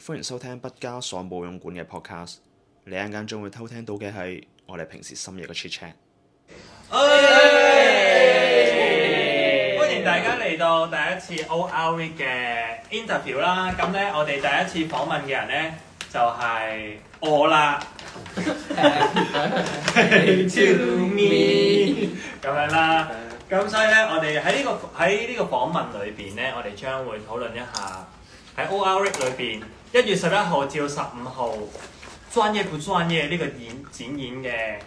歡迎收聽不加鎖舞踊館嘅 podcast，你一陣間將會偷聽到嘅係我哋平時深夜嘅 chat chat。Hey! 歡迎大家嚟到第一次 OR Week 嘅 interview 啦，咁咧我哋第一次訪問嘅人咧就係我啦。 hey、to me，咁樣啦，咁所以咧我哋喺呢個喺呢個訪問裏邊咧，我哋將會討論一下喺 OR Week 裏邊。一月十一號至到十五號，專業不專業呢個演展演嘅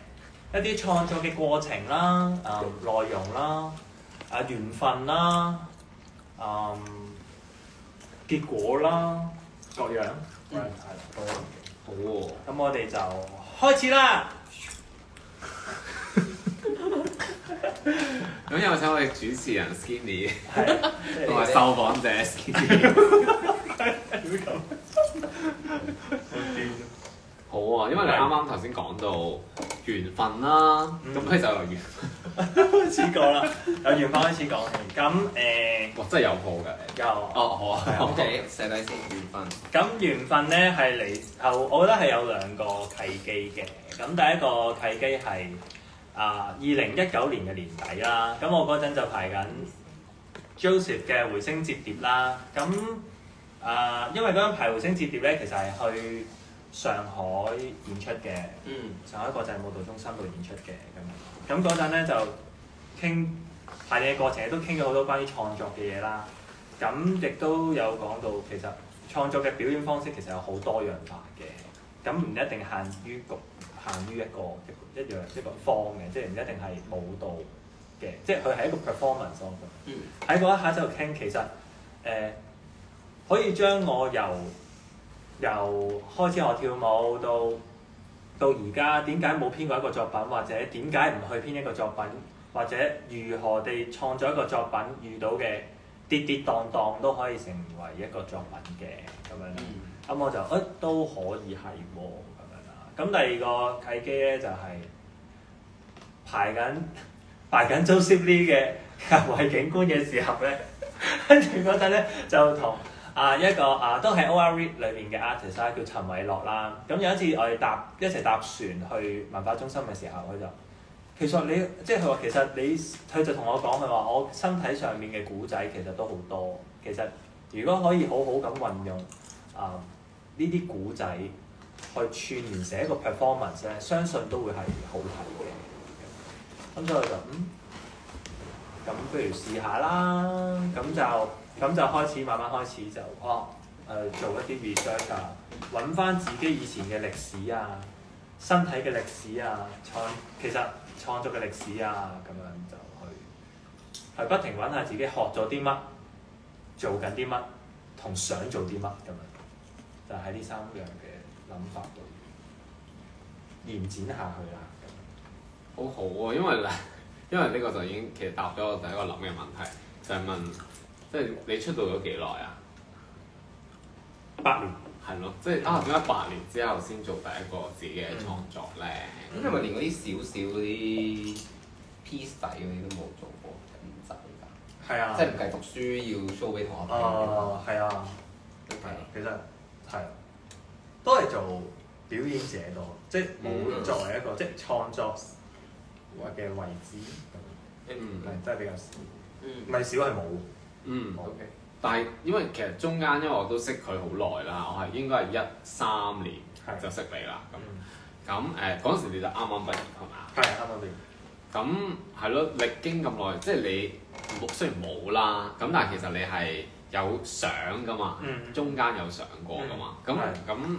一啲創作嘅過程啦，誒內容啦，啊緣分啦，嗯，結果啦，各樣，係啦，好，好喎，咁我哋就開始啦。咁有請我哋主持人 Skinny，同埋受訪者 Skinny。 好，的好啊，因為你啱啱頭先講到緣分啦，咁其實有緣開始講啦，由 「緣分開始講咁，誒，呃、哇，真係有鋪㗎，有！哦，好啊有，OK，寫低先緣分。咁緣分咧係嚟，有我，我覺得係有兩個契機嘅。咁第一個契機係啊，二零一九年嘅年底啦。咁我嗰陣就排緊 Joseph 嘅回聲摺疊啦。咁啊，uh, 因為嗰陣排《彗星折疊》咧，其實係去上海演出嘅，嗯、上海國際舞蹈中心度演出嘅咁。咁嗰陣咧就傾排練嘅過程，都傾咗好多關於創作嘅嘢啦。咁亦都有講到，其實創作嘅表演方式其實有好多樣化嘅，咁唔一定限於侷限於一個一一樣一個方嘅，即係唔一定係舞蹈嘅，即係佢係一個 performance 方式。嗯。喺嗰一下就傾，其實誒。呃可以將我由由開始學跳舞到到而家，點解冇編過一個作品，或者點解唔去編一個作品，或者如何地創作一個作品遇到嘅跌跌蕩蕩都可以成為一個作品嘅咁樣。咁、嗯、我就誒、欸、都可以係喎咁樣啦。咁第二個契機咧就係、是、排緊排緊 Joseph Lee 嘅《日為景官》嘅時候咧，跟住嗰陣咧就同。啊一個啊都係 OR Week 裏面嘅 artist 叫陳偉樂啦。咁有一次我哋搭一齊搭船去文化中心嘅時候，佢就其實你即係佢話，其實你佢就同我講，佢話我身體上面嘅古仔其實都好多。其實如果可以好好咁運用啊呢啲古仔去串連成一個 performance，相信都會係好睇嘅。咁所以我就嗯，咁不如試下啦。咁就。咁就開始，慢慢開始就哦誒、呃，做一啲 research 啊，揾翻自己以前嘅歷史啊、身體嘅歷史啊、創其實創作嘅歷史啊，咁樣就去去不停揾下自己學咗啲乜、做緊啲乜同想做啲乜咁樣，就喺呢三樣嘅諗法度延展下去啦。好好啊，因為咧，因為呢個就已經其實答咗我第一個諗嘅問題，就係、是、問。即係你出道咗幾耐啊？八年係咯，即係啊，點解八年之後先做第一個自己嘅創作咧？咁係咪連嗰啲少少啲 piece 仔嗰啲都冇做過？唔使㗎，係啊，即係唔計讀書要 show 俾同學睇。哦、嗯，係、嗯、啊，係、嗯、其實係都係做表演者多，即係冇作為一個即係、就是、創作或嘅位置，係、嗯、真係比較少，唔係、嗯、少係冇。嗯，OK，但係因為其實中間因為我都識佢好耐啦，我係應該係一三年就識你啦，咁咁誒嗰陣時你就啱啱畢業係嘛？係啱啱畢業。咁係咯，歷經咁耐，即係你冇雖然冇啦，咁但係其實你係有想㗎嘛？嗯。中間有想過㗎嘛？咁咁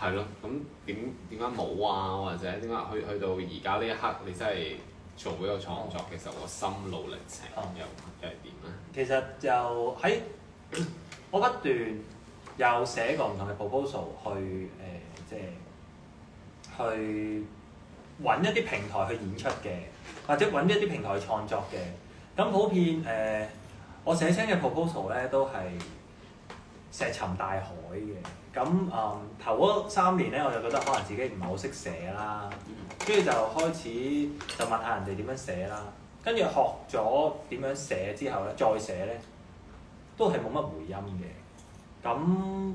係咯，咁點點解冇啊？或者點解去去到而家呢一刻你真係做呢個創作，其實我心路歷程又又係點咧？啊、其實就喺我不斷又寫過唔同嘅 proposal 去誒，即、呃、係、就是、去揾一啲平台去演出嘅，或者揾一啲平台去創作嘅。咁普遍誒、呃，我寫親嘅 proposal 咧都係石沉大海嘅。咁誒、嗯、頭三年咧，我就覺得可能自己唔係好識寫啦，跟住就開始就問下人哋點樣寫啦，跟住學咗點樣寫之後咧，再寫咧都係冇乜回音嘅。咁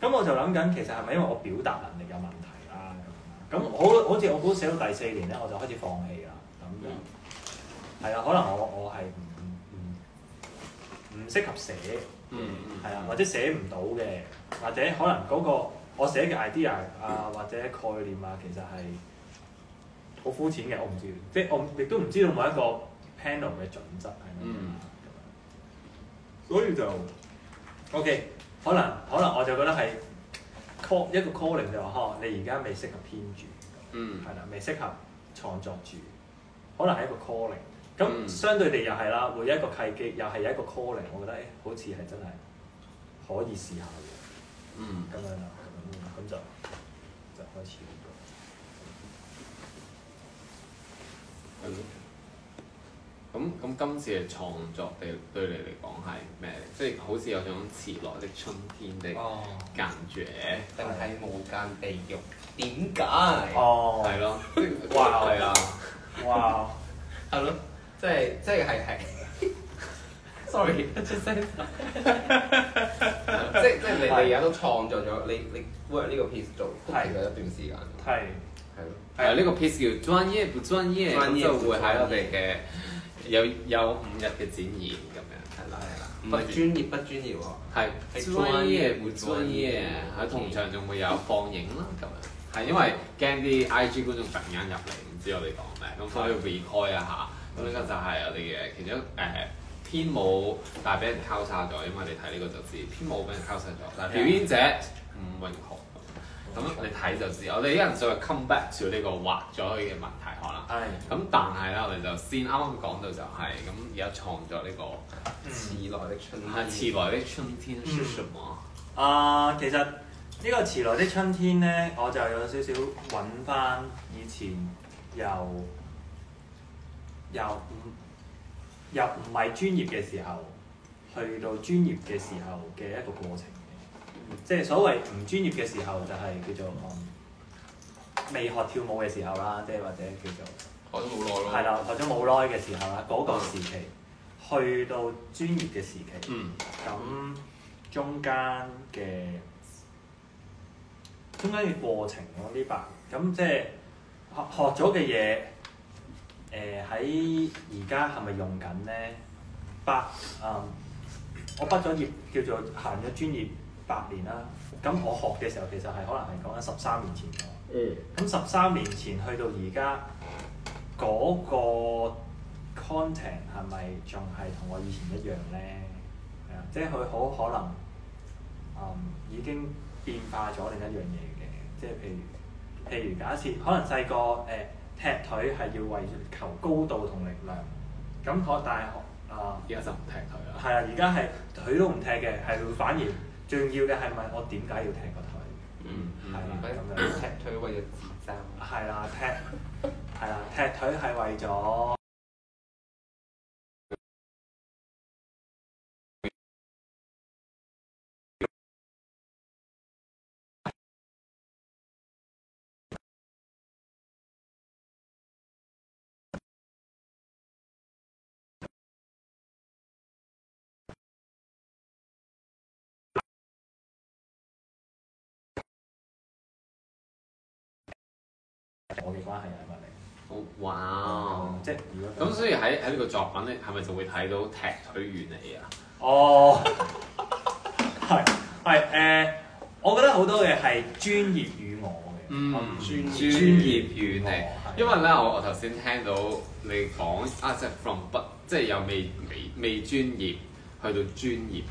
咁我就諗緊，其實係咪因為我表達能力有問題啦、啊？咁咁好好似我估寫到第四年咧，我就開始放棄啦。咁係啊，可能我我係唔唔適合寫。嗯嗯，係啊、mm hmm.，或者寫唔到嘅，或者可能個我寫嘅 idea 啊，或者概念啊，其實係好膚淺嘅，我唔知，即係我亦都唔知道某一個 panel 嘅準則係咩啊。Mm hmm. 的所以就 OK，可能可能我就覺得係 call、mm hmm. 一個 calling 就話，呵，你而家未適合編住，嗯、mm，係、hmm. 啦，未適合創作住，可能係一個 calling。咁、嗯、相對地又係啦，會有一個契機，又係有一個 call i n g 我覺得好似係真係可以試下嘅。嗯，咁樣啊，咁咁就就開始咁、這、多、個。係咯、嗯。咁今次嘅創作地對你嚟講係咩？即、就、係、是、好似有種遲來的春天的間距誒，定係無間地獄？點解？哦。係咯了。哇係啊！哇，係咯。即係即係係係，sorry，出聲。即即你哋而家都創作咗，你你 work 呢個 piece 做都係咗一段時間。係係咯，誒呢個 piece 叫專業不專業，咁就會喺我哋嘅有有五日嘅展演，咁樣係啦係啦。唔係專業不專業喎，係專業不專業，喺同場仲會有放映啦。咁樣係因為驚啲 IG 觀眾突然間入嚟唔知我哋講咩，咁所以 recall 一下。咁呢個就係我哋嘅，其中誒編舞，但係俾人敲叉咗，因為你睇呢個就知、是，編舞俾人敲叉咗。但係表演者伍詠豪，咁你睇就知、是。嗯、我哋一人就係 come back 少呢個畫咗佢」嘅問題，可能。係、嗯。咁但係啦，我哋就先啱啱講到就係、是、咁，而家創作呢個遲來的春天。係遲來的春天，説什麼？啊，其實呢個遲來的春天咧，我就有少少揾翻以前由。又唔又唔係專業嘅時候，去到專業嘅時候嘅一個過程嘅，即係所謂唔專業嘅時候，就係叫做、嗯、未學跳舞嘅時候啦，即係或者叫做學咗冇耐咯。係啦，學咗冇耐嘅時候啦，嗰個時期、嗯、去到專業嘅時期，咁、嗯、中間嘅中間嘅過程咯呢啲，咁即係學學咗嘅嘢。誒喺而家係咪用緊咧？八誒、嗯，我畢咗業叫做行咗專業八年啦。咁我學嘅時候其實係可能係講緊十三年前嘅。嗯。咁十三年前去到而家，嗰、嗰個 content 係咪仲係同我以前一樣咧、嗯？即係佢好可能、嗯、已經變化咗另一樣嘢嘅。即係譬如譬如假設可能細個誒。呃踢腿係要為求高度同力量，咁我大學啊，而家就唔踢腿啦。係啊，而家係腿都唔踢嘅，係反而重要嘅係咪我點解要踢個腿？嗯嗯，而家咁樣踢腿為咗自爭。係啦，踢係啦，踢腿係為咗。我哋關係啊嘛嚟，哇、oh, wow. 嗯！即、就、係、是、如果咁，所以喺喺呢個作品咧，係咪就會睇到踢腿原理啊？哦、oh, 係係誒，uh, 我覺得好多嘢係專業與我嘅，嗯、mm, 哦，專業專業與我，專業與我，因為咧，我我頭先聽到你講，啊，即係 from 不，即係由未未未專業去到專業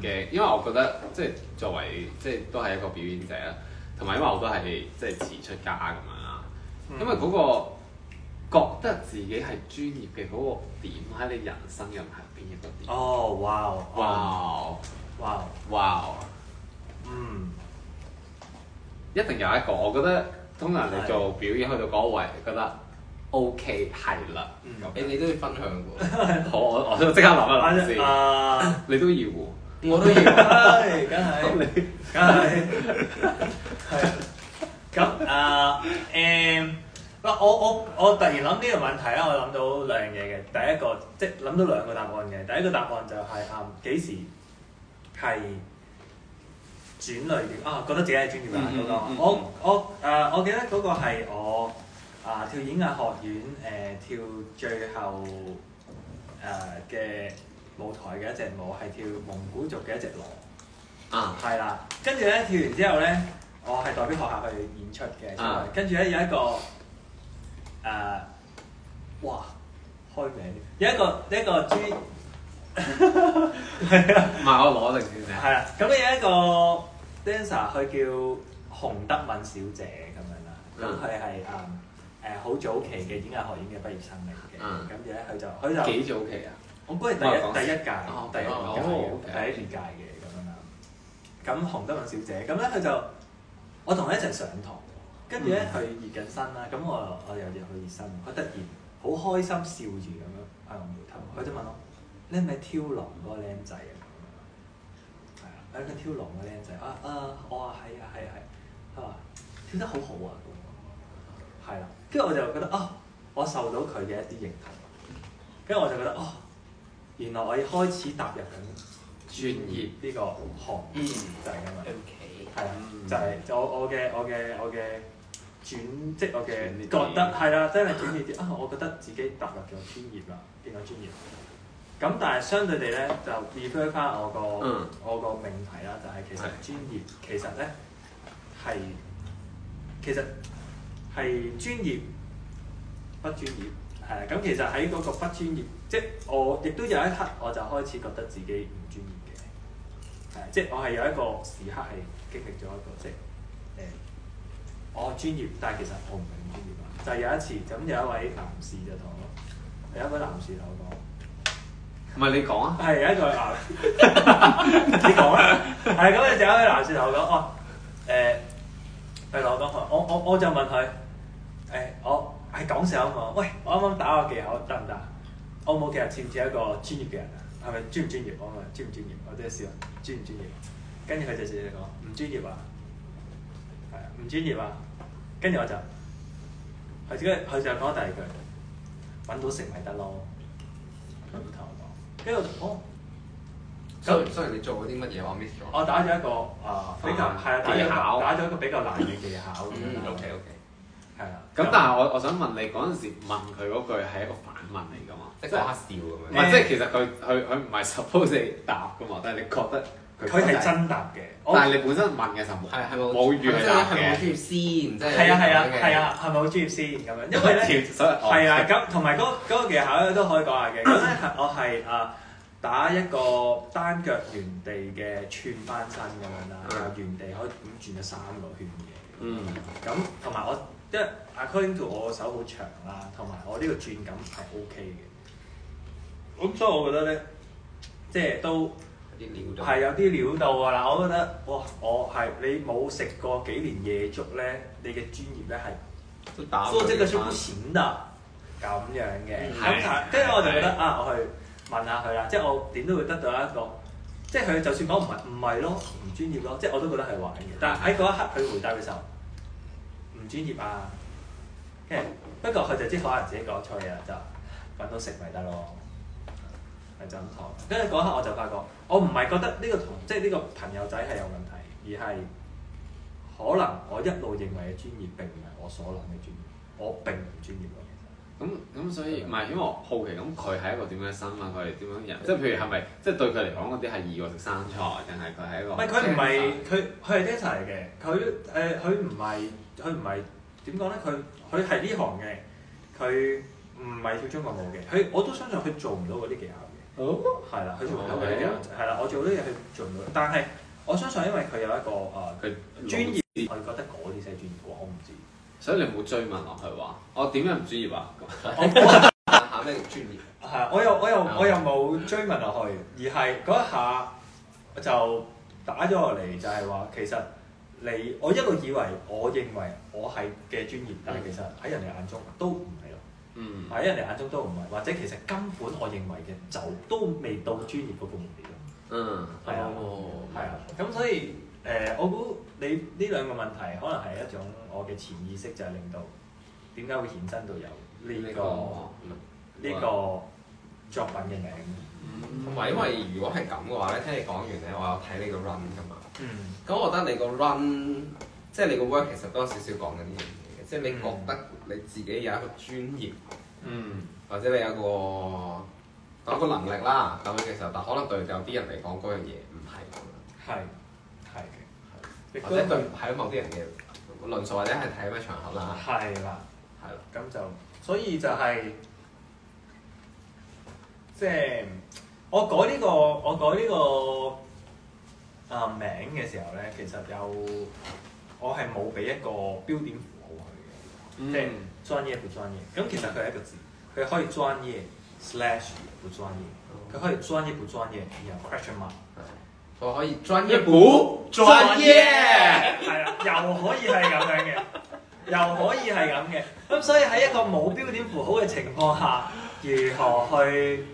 嘅，mm. 因為我覺得即係作為即係都係一個表演者啦，同埋因為我都係即係遲出家咁因為嗰個覺得自己係專業嘅嗰、那個點喺你人生入邊係邊一個點？哦，哇哦！哇、wow！哇！哇！嗯，一定有一個，我覺得通常你做表演去到嗰位，覺得 OK 係啦。欸、你都要分享喎。好，我我即刻諗一諗先。你都要，我都要，梗係、啊，梗係，係。咁啊誒嗱，我我我突然諗呢個問題咧，我諗到兩樣嘢嘅。第一個即係諗到兩個答案嘅。第一個答案就係誒幾時係轉類別啊，uh, 覺得自己係專業啊嗰、mm hmm. 嗰個。Mm hmm. 我我誒，uh, 我記得嗰個係我啊、uh, 跳演藝學院誒、uh, 跳最後誒嘅、uh, 舞台嘅一隻舞，係跳蒙古族嘅一隻狼。啊、ah.，係啦，跟住咧跳完之後咧。我係代表學校去演出嘅，跟住咧有一個誒，哇，開名，有一個一個專，係啊，唔係我攞定先嘅。係啦，咁有一個 dancer，佢叫洪德敏小姐咁樣啦，咁佢係誒誒好早期嘅演藝學院嘅畢業生嚟嘅，咁樣咧佢就佢就幾早期啊，我估係第一第一屆，第一屆第一屆嘅咁樣啦。咁洪德敏小姐咁咧佢就。我同佢一齊上堂，跟住咧佢熱緊身啦，咁我我又入去熱身，佢突然好開心笑住咁樣喺我面前，佢就問我：你係咪跳龍嗰個僆仔啊？係啊，佢佢跳龍嗰個僆仔啊啊，我話係啊係啊係，佢話跳得好好啊，係啦，跟住我就覺得哦、啊，我受到佢嘅一啲認同，跟住我就覺得哦、啊，原來我要開始踏入緊專業呢個行業就係咁樣。燕為係啊，嗯嗯、就係我、嗯、我嘅我嘅我嘅轉職，我嘅覺得係啦，真係轉業啲 啊！我覺得自己踏入咗專業啦，變咗專業。咁但係相對地咧，就 refer 翻我個、嗯、我個命題啦，就係、是、其實專業其實咧係其實係專業不專業係咁、啊。其實喺嗰個不專業，即、就、係、是、我亦都有一刻我就開始覺得自己唔專業嘅係，即、啊、係、就是、我係有一個時刻係。經歷咗一個即係誒，我專業，但係其實我唔係咁專業，就係有一次咁，有一位男士就同我，有一位男士同我講，唔係你講啊？係有一位男士，你講啊？係咁，就有一位男士同我講，哦誒，係同我講，我我我就問佢誒，我係講笑啊嘛？喂，我啱啱打個技巧得唔得？我冇其實似唔似一個專業嘅人啊？係咪專唔專業講啊？專唔專業或者試下專唔專業？跟住佢就直接講唔專業啊，係啊唔專業啊。跟住我就，佢只佢就講第二句，揾到食咪得咯。跟住我，咁所以你做咗啲乜嘢話 miss 咗？我打咗一個啊比較技巧，打咗一個比較難嘅技巧。嗯，OK OK，係啦。咁但係我我想問你嗰陣時問佢嗰句係一個反問嚟㗎嘛？即係講笑咁樣。即係其實佢佢佢唔係 suppose 你答㗎嘛，但係你覺得。佢係真的答嘅，但係你本身問嘅時候係係冇語嚟嘅。即係冇專業先，即係係啊係啊係啊，係咪好專業先咁樣？啊、是是因為咧，係、 哦、啊咁，同埋嗰個技巧咧都可以講下嘅。 我係啊打一個單腳原地嘅串翻身咁樣啦，原地可以咁轉咗三個圈嘅。嗯，咁同埋我因為 accountant，我手好長啦，同埋我呢個轉感係 OK 嘅、嗯。咁所以我覺得咧，即係都。係有啲料到啊！嗱，我都覺得哇，我、哦、係你冇食過幾年夜粥咧，你嘅專業咧係，嗰隻嘅粥錢啊，咁樣嘅，跟住我就覺得是啊，我去問下佢啦，即係我點都會得到一個，即係佢就算講唔係唔係咯，唔專業咯，即係我都覺得係玩嘅。但係喺嗰一刻佢回答嘅時候，唔專業啊，不過佢就即可能自己講錯嘢啦，就揾到食咪得咯，係真堂。跟住嗰刻我就發覺。我唔係覺得呢個同即係呢個朋友仔係有問題，而係可能我一路認為嘅專業並唔係我所能嘅專業，我並唔專業。嗰樣。咁咁所以唔係吧，因為我好奇，咁佢係一個點樣嘅身份？佢係點樣人，即係譬如係咪即係對佢嚟講嗰啲係易過食生菜，定係佢係一個，唔係佢唔係，佢佢係 dancer 嚟嘅。佢誒， 佢唔係，佢唔係，點講咧？佢佢係呢行嘅，佢唔係跳中國舞嘅。佢我都相信佢做唔到嗰啲技巧。哦，係啦，oh?，佢做啲嘢係啦，我做啲嘢佢做唔到，但係我相信因為佢有一個佢，呃、專業，我覺得嗰啲先係專業，我唔知，所以你冇追問落去話，我點樣唔專業啊？考咩專業？係 啊，我又我又我又冇追問落去，而係嗰一下就打咗落嚟，就係話其實你我一路以為，我認為我係嘅專業，mm hmm. 但係其實喺人哋眼中都唔係。喺、嗯、人哋眼中都唔係，或者其實根本我認為嘅就都未到專業嗰個門檻。嗯，係啊，係啊，咁所以誒、呃，我估你呢兩個問題可能係一種我嘅潛意識，就係令到點解會衍生到有呢、這個呢、這個嗯、個作品嘅名，同埋、嗯、因為如果係咁嘅話咧，聽你講完咧，我有睇你個 run 噶嘛。嗯。咁我覺得你個 run 即係你個 work 其實多少少講緊呢樣嘢嘅，即、就、係、是、你覺得。你自己有一個專業，嗯，或者你有一個有一個能力啦，咁、嗯、樣嘅時候，但可能對有啲人嚟講嗰樣嘢唔係咁樣，係係嘅，或者對喺某啲人嘅論述，或者係睇咩場合啦，係啦，係啦，咁就所以就係即係我改呢、呢個我改呢、呢個啊名嘅時候咧，其實有我係冇俾一個標點。嗯，專業不專業？咁其實佢係一個字，佢可，可以專業不專業，佢、嗯、可以專業不專業，然後 question mark，我可以專業不專業，係啦，又可以係咁樣嘅， 又可以係咁嘅。咁所以喺一個冇標點符號嘅情況下，如何去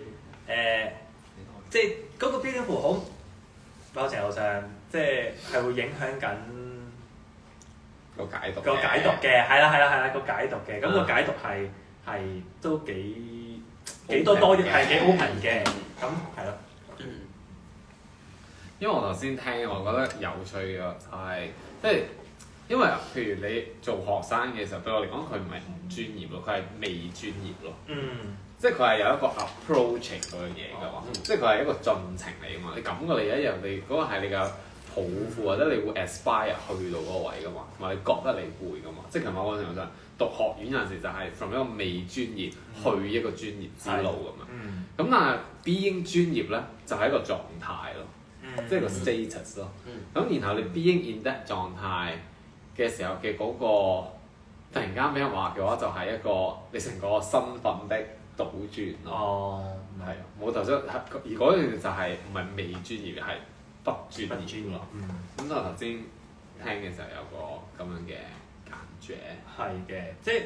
誒，即係嗰個標點符號，某程度上，即係係會影響緊。個解讀，個解讀嘅，係啦，係啦，係啦，個解讀嘅，咁個解讀係係都幾幾多多啲，係幾 open 嘅，咁係咯。嗯。因為我頭先聽，我覺得有趣嘅就係、是，即係因為譬如你做學生嘅時候，對我嚟講，佢唔係唔專業咯，佢係未專業咯。嗯。即係佢係有一個 approaching、like、嗰樣嘢㗎、嗯、嘛，即係佢係一個進程嚟嘅嘛。你咁嘅嚟，而家人哋嗰個係你嘅。好富，或者你會 aspire 去到嗰個位㗎嘛，同埋你覺得你攰㗎嘛。即係琴日我講真，讀學院陣時就係 from 一個未專業去一個專業之路咁啊。但係的，being 專業咧就係、是、一個狀態咯，嗯、即係個 status 咯。咁、嗯、然後你 being in that 狀態嘅時候嘅嗰、那個突然間俾人話嘅話，就係、是、一個你成個身份的倒轉咯。係、哦，我頭先而嗰樣就係唔係未專業嘅係。讀住畢業專嘅咯，嗯，咁我頭先聽嘅時候有個咁樣嘅感覺。係嘅，即係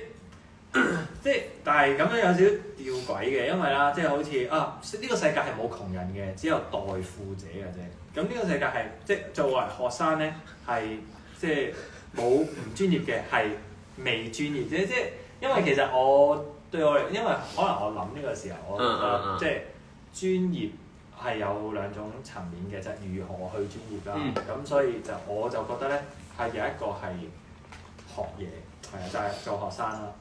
即係，但係咁樣有少少吊詭嘅，因為啦，即係好似啊，呢個世界係冇窮人嘅，只有代富者嘅啫。咁呢個世界係即係作為學生咧，係即係冇唔專業嘅，係未專業啫，即即因為其實我對我因為可能我諗呢個時候，我即係專業。係有兩種層面嘅質，如何去專業啦？咁、嗯、所以就我就覺得咧，係有一個係學嘢，係就係、是、做學生啦。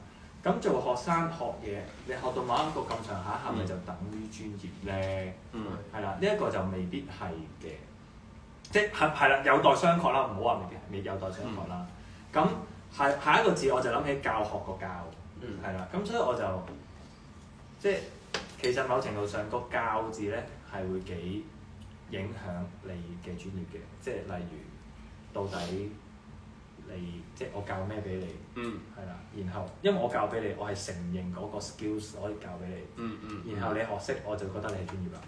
咁做學生學嘢，你學到某一個咁上下，係咪就等於專業咧？係啦、嗯，呢一、這個就未必係嘅，即係係啦，有待商榷啦。唔好話未必，未有待商榷啦。咁係、嗯、下一個字，我就諗起教學個教，係啦、嗯。咁所以我就即係。其實某程度上、個教字咧係會幾影響你嘅專業嘅，即係例如到底你，即係我教咩俾你，嗯，係啦。然後因為我教俾你，我係承認嗰個 skills 可以教俾你，嗯嗯。嗯然後你學識、嗯、我就覺得你係專業啦。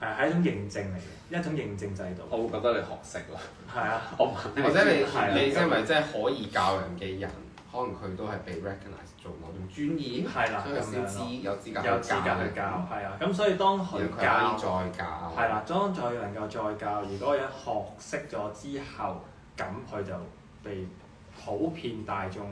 係啊，係一種認證嚟嘅，一種認證制度。我會覺得你學識啦。係啊，我或者你你認為即係可以教人嘅人，人，可能佢都係被 recognize 做。專業係啦，有資格有資格去教係啊。咁、嗯、所以當佢教係啦，當再能夠再教，如果人學識咗之後咁，佢就被普遍大眾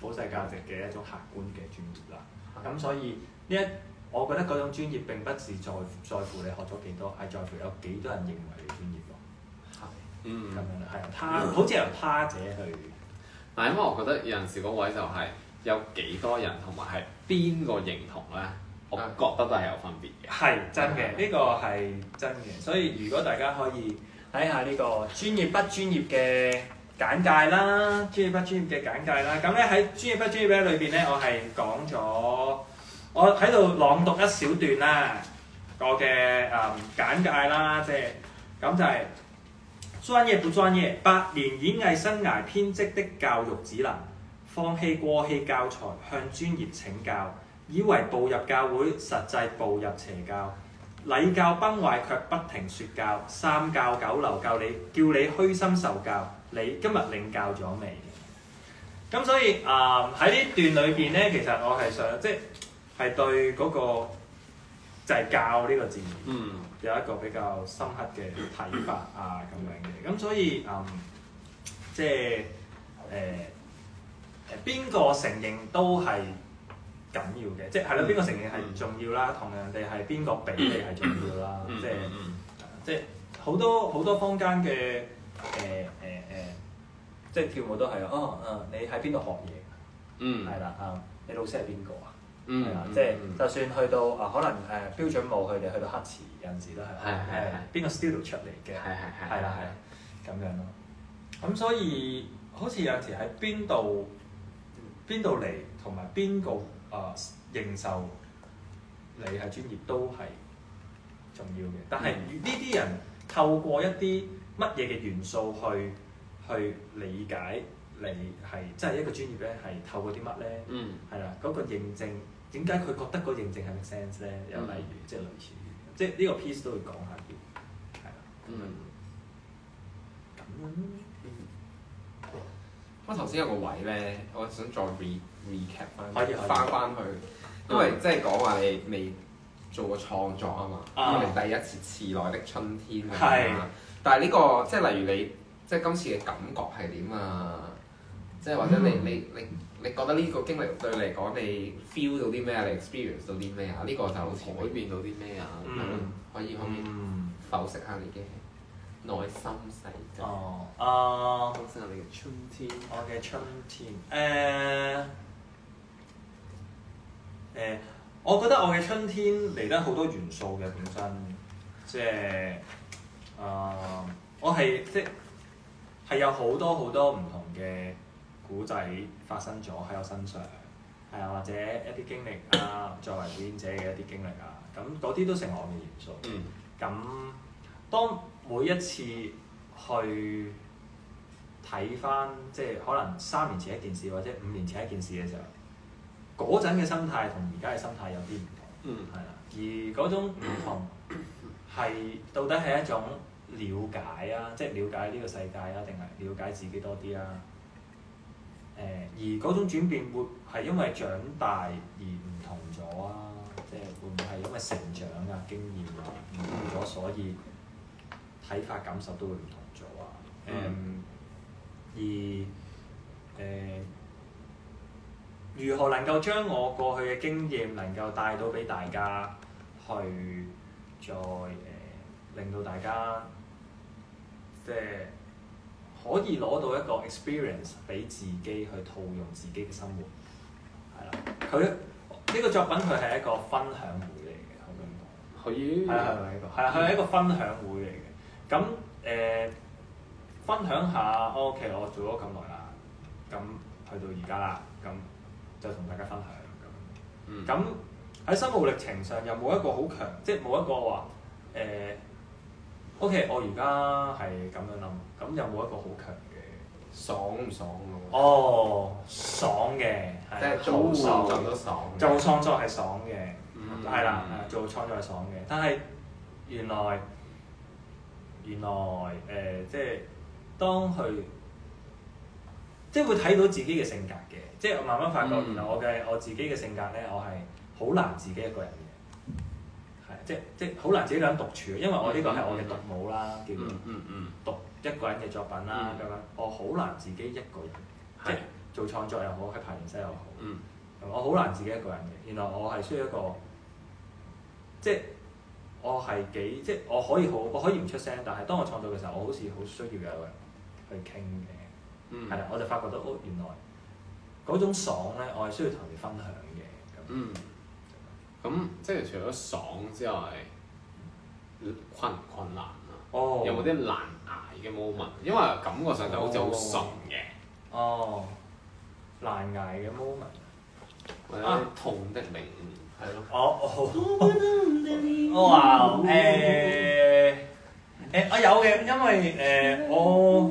普世價值嘅一種客觀嘅專業啦。咁、嗯、所以呢一，我覺得嗰種專業並不是在在，在乎你學咗幾多，係在乎有幾多人認為你專業喎。係。嗯。咁樣係他，好似由他者去。嗱，因為我覺得有陣時嗰位就係、是。有幾多人同埋係邊個認同咧？我覺得都係有分別嘅。係真嘅，呢吧個係真嘅。所以如果大家可以睇下呢個專業不專業嘅簡介啦，專業不專業嘅簡介啦。咁咧喺專業不專業裏邊咧，我係講咗，我喺度朗讀一小段啦，我嘅誒、嗯、簡介啦，即係咁就係、是就是、專業不專業？八年演藝生涯編織的教育指南。放棄過氣教材，向專業請教，以為步入教會，實際步入邪教。禮教崩壞，卻不停説教，三教九流教你，叫你虛心受教。你今日領教咗未？咁所以啊，喺、呃、呢段裏邊咧，其實我係想，即係對嗰個、那個就係、是、教呢個字，嗯，有一個比較深刻嘅睇法啊，咁樣嘅。咁所以嗯、呃，即係誒。呃誒邊個承認都係緊要嘅，即係係啦。邊個承認係唔重要啦，同人哋係邊個比你係重要啦。即係即係好多好多坊間嘅誒誒誒，即係跳舞都係啊。嗯，你喺邊度學嘢？嗯，係啦。嗯，你老師係邊個啊？嗯，即係就算去到啊，可能誒標準舞佢哋去到黑池有陣時都係係係邊個 studio 出嚟嘅？係係係係啦係咁樣咯。咁所以好似有時喺邊度？邊度嚟同埋邊個啊、呃、認受你係專業都係重要嘅，但係呢啲人透過一啲乜嘢嘅元素去去理解你係即係一個專業咧，係透過啲乜咧？嗯，係啦，嗰個認證點解佢覺得個認證係冇 sense 咧？又例如、嗯、即係類似，即係呢個 piece 都會講下嘅，係啦。嗯。咁樣。我頭先有個位咧，我想再 re recap 翻翻翻去，因為即係講話你未做過創作啊嘛，嗯、因為第一次次來的春天啊是但係呢個即係例如你即係今次嘅感覺係點啊？即係或者你、嗯、你你你覺得呢個經歷對你嚟講你 feel 到啲咩啊？你 experience 到啲咩啊？呢個就好似改變到啲咩啊？可以可以，可以嗯，剖析下你嘅。內心世界，啊，好似我哋嘅春天，我嘅春天，誒，誒，我覺得我嘅春天嚟得好多元素嘅本身，就是，即係啊，我係即係有好多好多唔同嘅古仔發生咗喺我身上，係啊，或者一啲經歷啊， 作為表演者嘅一啲經歷啊，咁嗰啲都成我嘅元素，嗯，咁當，每一次去睇返，即係可能三年前一件事或者五年前一件事嘅時候，嗰陣嘅心態同而家嘅心態有啲唔同，係啦、嗯。而嗰種唔同係到底係一種了解啊，即係了解呢個世界啊，定係了解自己多啲啊？誒、呃，而嗰種轉變會係因為長大而唔同咗啊，即係會唔會係因為成長啊、經驗啊唔同咗，所以？睇法感受都會唔同咗啊！誒、嗯嗯，而誒、呃、如何能夠將我過去嘅經驗能夠帶到俾大家去再，再、呃、誒令到大家即係、呃、可以攞到一個 experience 俾自己去套用自己嘅生活，係啦。佢呢、這個作品佢係一個分享會嚟嘅，好感動，佢係係係一個係啊！佢係一個分享會嚟嘅。咁誒、呃、分享下，OK，我做咗咁耐啦，咁去到而家啦，咁就同大家分享咁。咁喺生活歷程上，有冇一個好強？即係冇一個話誒、呃。OK，我而家係咁樣諗，咁有冇一個好強嘅？爽唔爽㗎？哦，爽嘅，係做創作都爽、嗯。做創作係爽嘅，係啦，做創作係爽嘅，但係原來。原來誒、呃，即係當佢，即係會睇到自己嘅性格嘅，即係我慢慢發覺，原來我嘅我自己嘅性格咧，我係好難自己一個人嘅，係即即好難自己一個人獨處，因為我呢個係我嘅獨舞啦，叫獨獨一個人嘅作品啦咁樣，嗯嗯嗯、我好難自己一個人，嗯、即係的做創作又好，喺排練室又好，嗯、我好難自己一個人嘅。原來我係需要一個即係。我係幾即係我可以好我可以唔出聲，但係當我創作嘅時候，我好似好需要有人去傾嘅。係啦、嗯，我就發覺到，哦，原來嗰種爽咧，我係需要同你分享嘅。嗯。咁即係除咗爽之外，嗯、困唔困難啊？哦、有冇啲難捱嘅 moment？、哦、因為感覺上就好似好順嘅。哦。難捱嘅 moment、啊。或者、哎、痛的明。係咯，我我話誒誒，我有嘅，因為誒、欸、我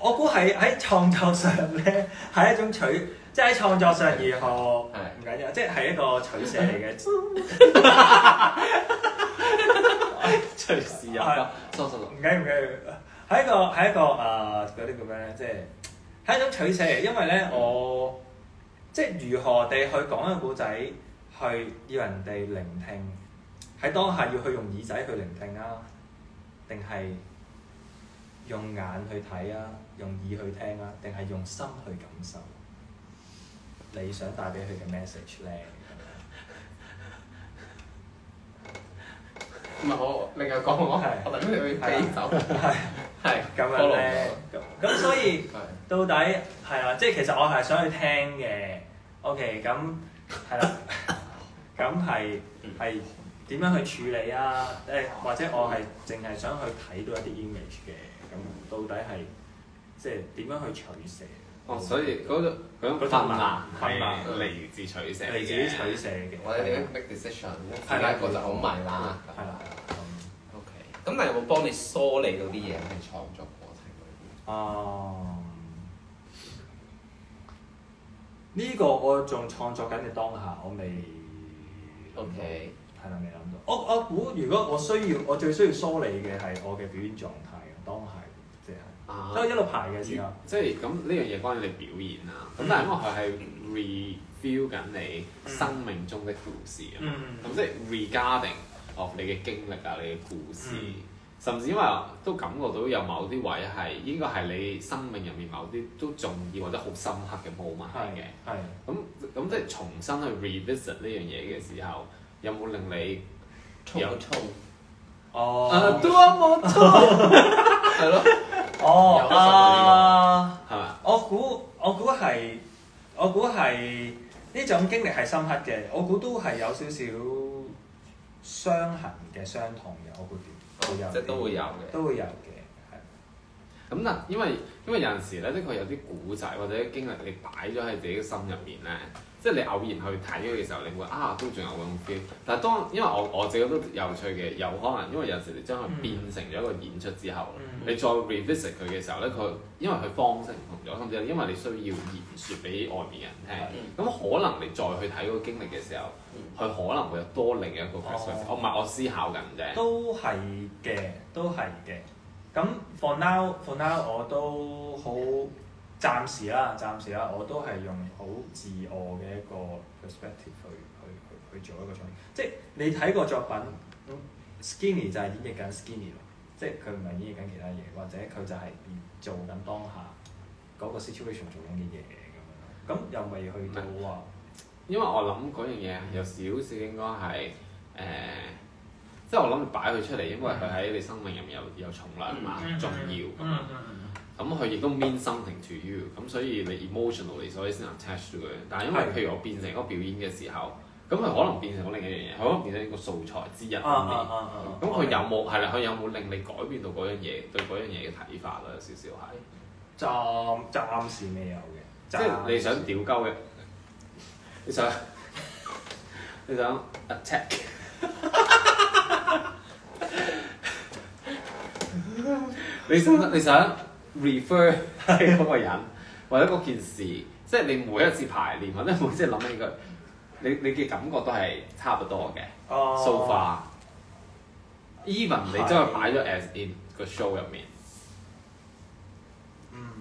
我估係喺創作上咧，係一種取，即、就、係、是、喺創作上如何的係唔緊要，的即係係一個取捨嚟嘅，隨時啊，唔緊唔緊要，是的係，係一個係一個誒嗰啲叫咩咧，即係係一種取捨嚟，因為咧、嗯、我即係如何地去講一個故仔。去要人哋聆聽，喺當下要去用耳仔去聆聽啊，定係用眼去睇啊，用耳去聽啊，定係用心去感受。你想帶俾佢嘅 message 咧？唔係好，另外講我，可能突然間俾走，係咁啊咧！咁所以、， 呃、所以，所以到底係啊，即係其實我係想去聽嘅。OK，咁係啦。咁係係點樣去處理啊？誒或者我係淨係想去睇到一啲 image 嘅，咁到底係即係點樣去取捨？哦，所以嗰、嗰個嗰困難係嚟自取捨，嚟自取捨嘅，捨嘅我或者 make decision，而家的的個就好埋啦。係啦，咁、嗯、OK。咁但係有冇幫你梳理到啲嘢嘅創作過程哦，呢、嗯呢個我仲創作緊嘅當下，我未。OK，係啦，未諗 Okay. 到。我我估，如果我需要，我最需要梳理嘅係我嘅表演狀態嘅當係，即係，即係一路排嘅時候，嗯、即係咁呢樣嘢關於你表演啦。咁、嗯、但係因為佢係 reveal 緊你生命中的故事啊，咁即係 regarding of 你嘅經歷啊，你嘅故事。嗯嗯甚至因為都感覺到有某啲位係應該係你生命入面某啲都重要或者好深刻嘅 moment 嘅。係。係。咁咁即係重新去 revisit 呢樣嘢嘅時候，有冇令你有痛？粗粗哦。 啊，都、這個、啊，吧我痛。係咯。哦啊都啊冇痛係咯哦啊係咪？我估我估係我估係呢種經歷係深刻嘅，我估都係有少少傷痕嘅傷痛嘅，我估點？即係都會有嘅，都會有嘅，係。咁嗱，因為因為有陣時咧，的確有啲古仔或者經歷，你擺咗喺自己心入面咧。即係你偶然去睇佢嘅時候，你會啊都仲有咁 feel，但係當因為我我自己都有趣嘅，有可能因為有時你將佢變成咗一個演出之後，嗯、你再 revisit 佢嘅時候咧，佢因為佢方式唔同咗，甚至係因為你需要言説俾外面人聽，咁、嗯、可能你再去睇嗰個經歷嘅時候，佢、嗯、可能會有多另一個角度，哦。我唔係我思考緊啫。都係嘅，都係嘅。咁 for now，for now 我都好。暫時啦，暫時啦，我都係用好自我嘅一個 perspective 去去去，去，去做一個做作品。即係你、嗯、睇個作品，Skinny 就係演繹緊 Skinny 咯，即係佢唔係演繹緊其他嘢，或者佢就係做緊當下嗰個 situation 做緊嘅嘢，咁，咁又未去到啊？因為我諗嗰樣嘢有少少應該係誒、嗯呃，即係我諗擺佢出嚟，因為佢喺你生命入面有又重量嘛，嗯、重要。嗯嗯嗯嗯嗯嗯嗯咁佢亦都 mean something to you，咁所以你 emotionally 所以先能 attach to 佢。但係因為譬如我變成一個表演嘅時候，咁佢可能變成另一樣嘢，佢都變成一個素材之一嚟。咁佢有冇係啦？佢有冇令你改變到嗰樣嘢？對嗰樣嘢嘅睇法啦，少少係。暫時暫時未有嘅，即係你想屌鳩嘅，你想你想 attack。你想，想 你，你想。Refer 係嗰個人， 或者嗰件事，即係你每一次排練或者每一次諗起佢，你你嘅感覺都係差唔多嘅。哦、so far，even 你真係擺咗 as in 個 show 入面。嗯。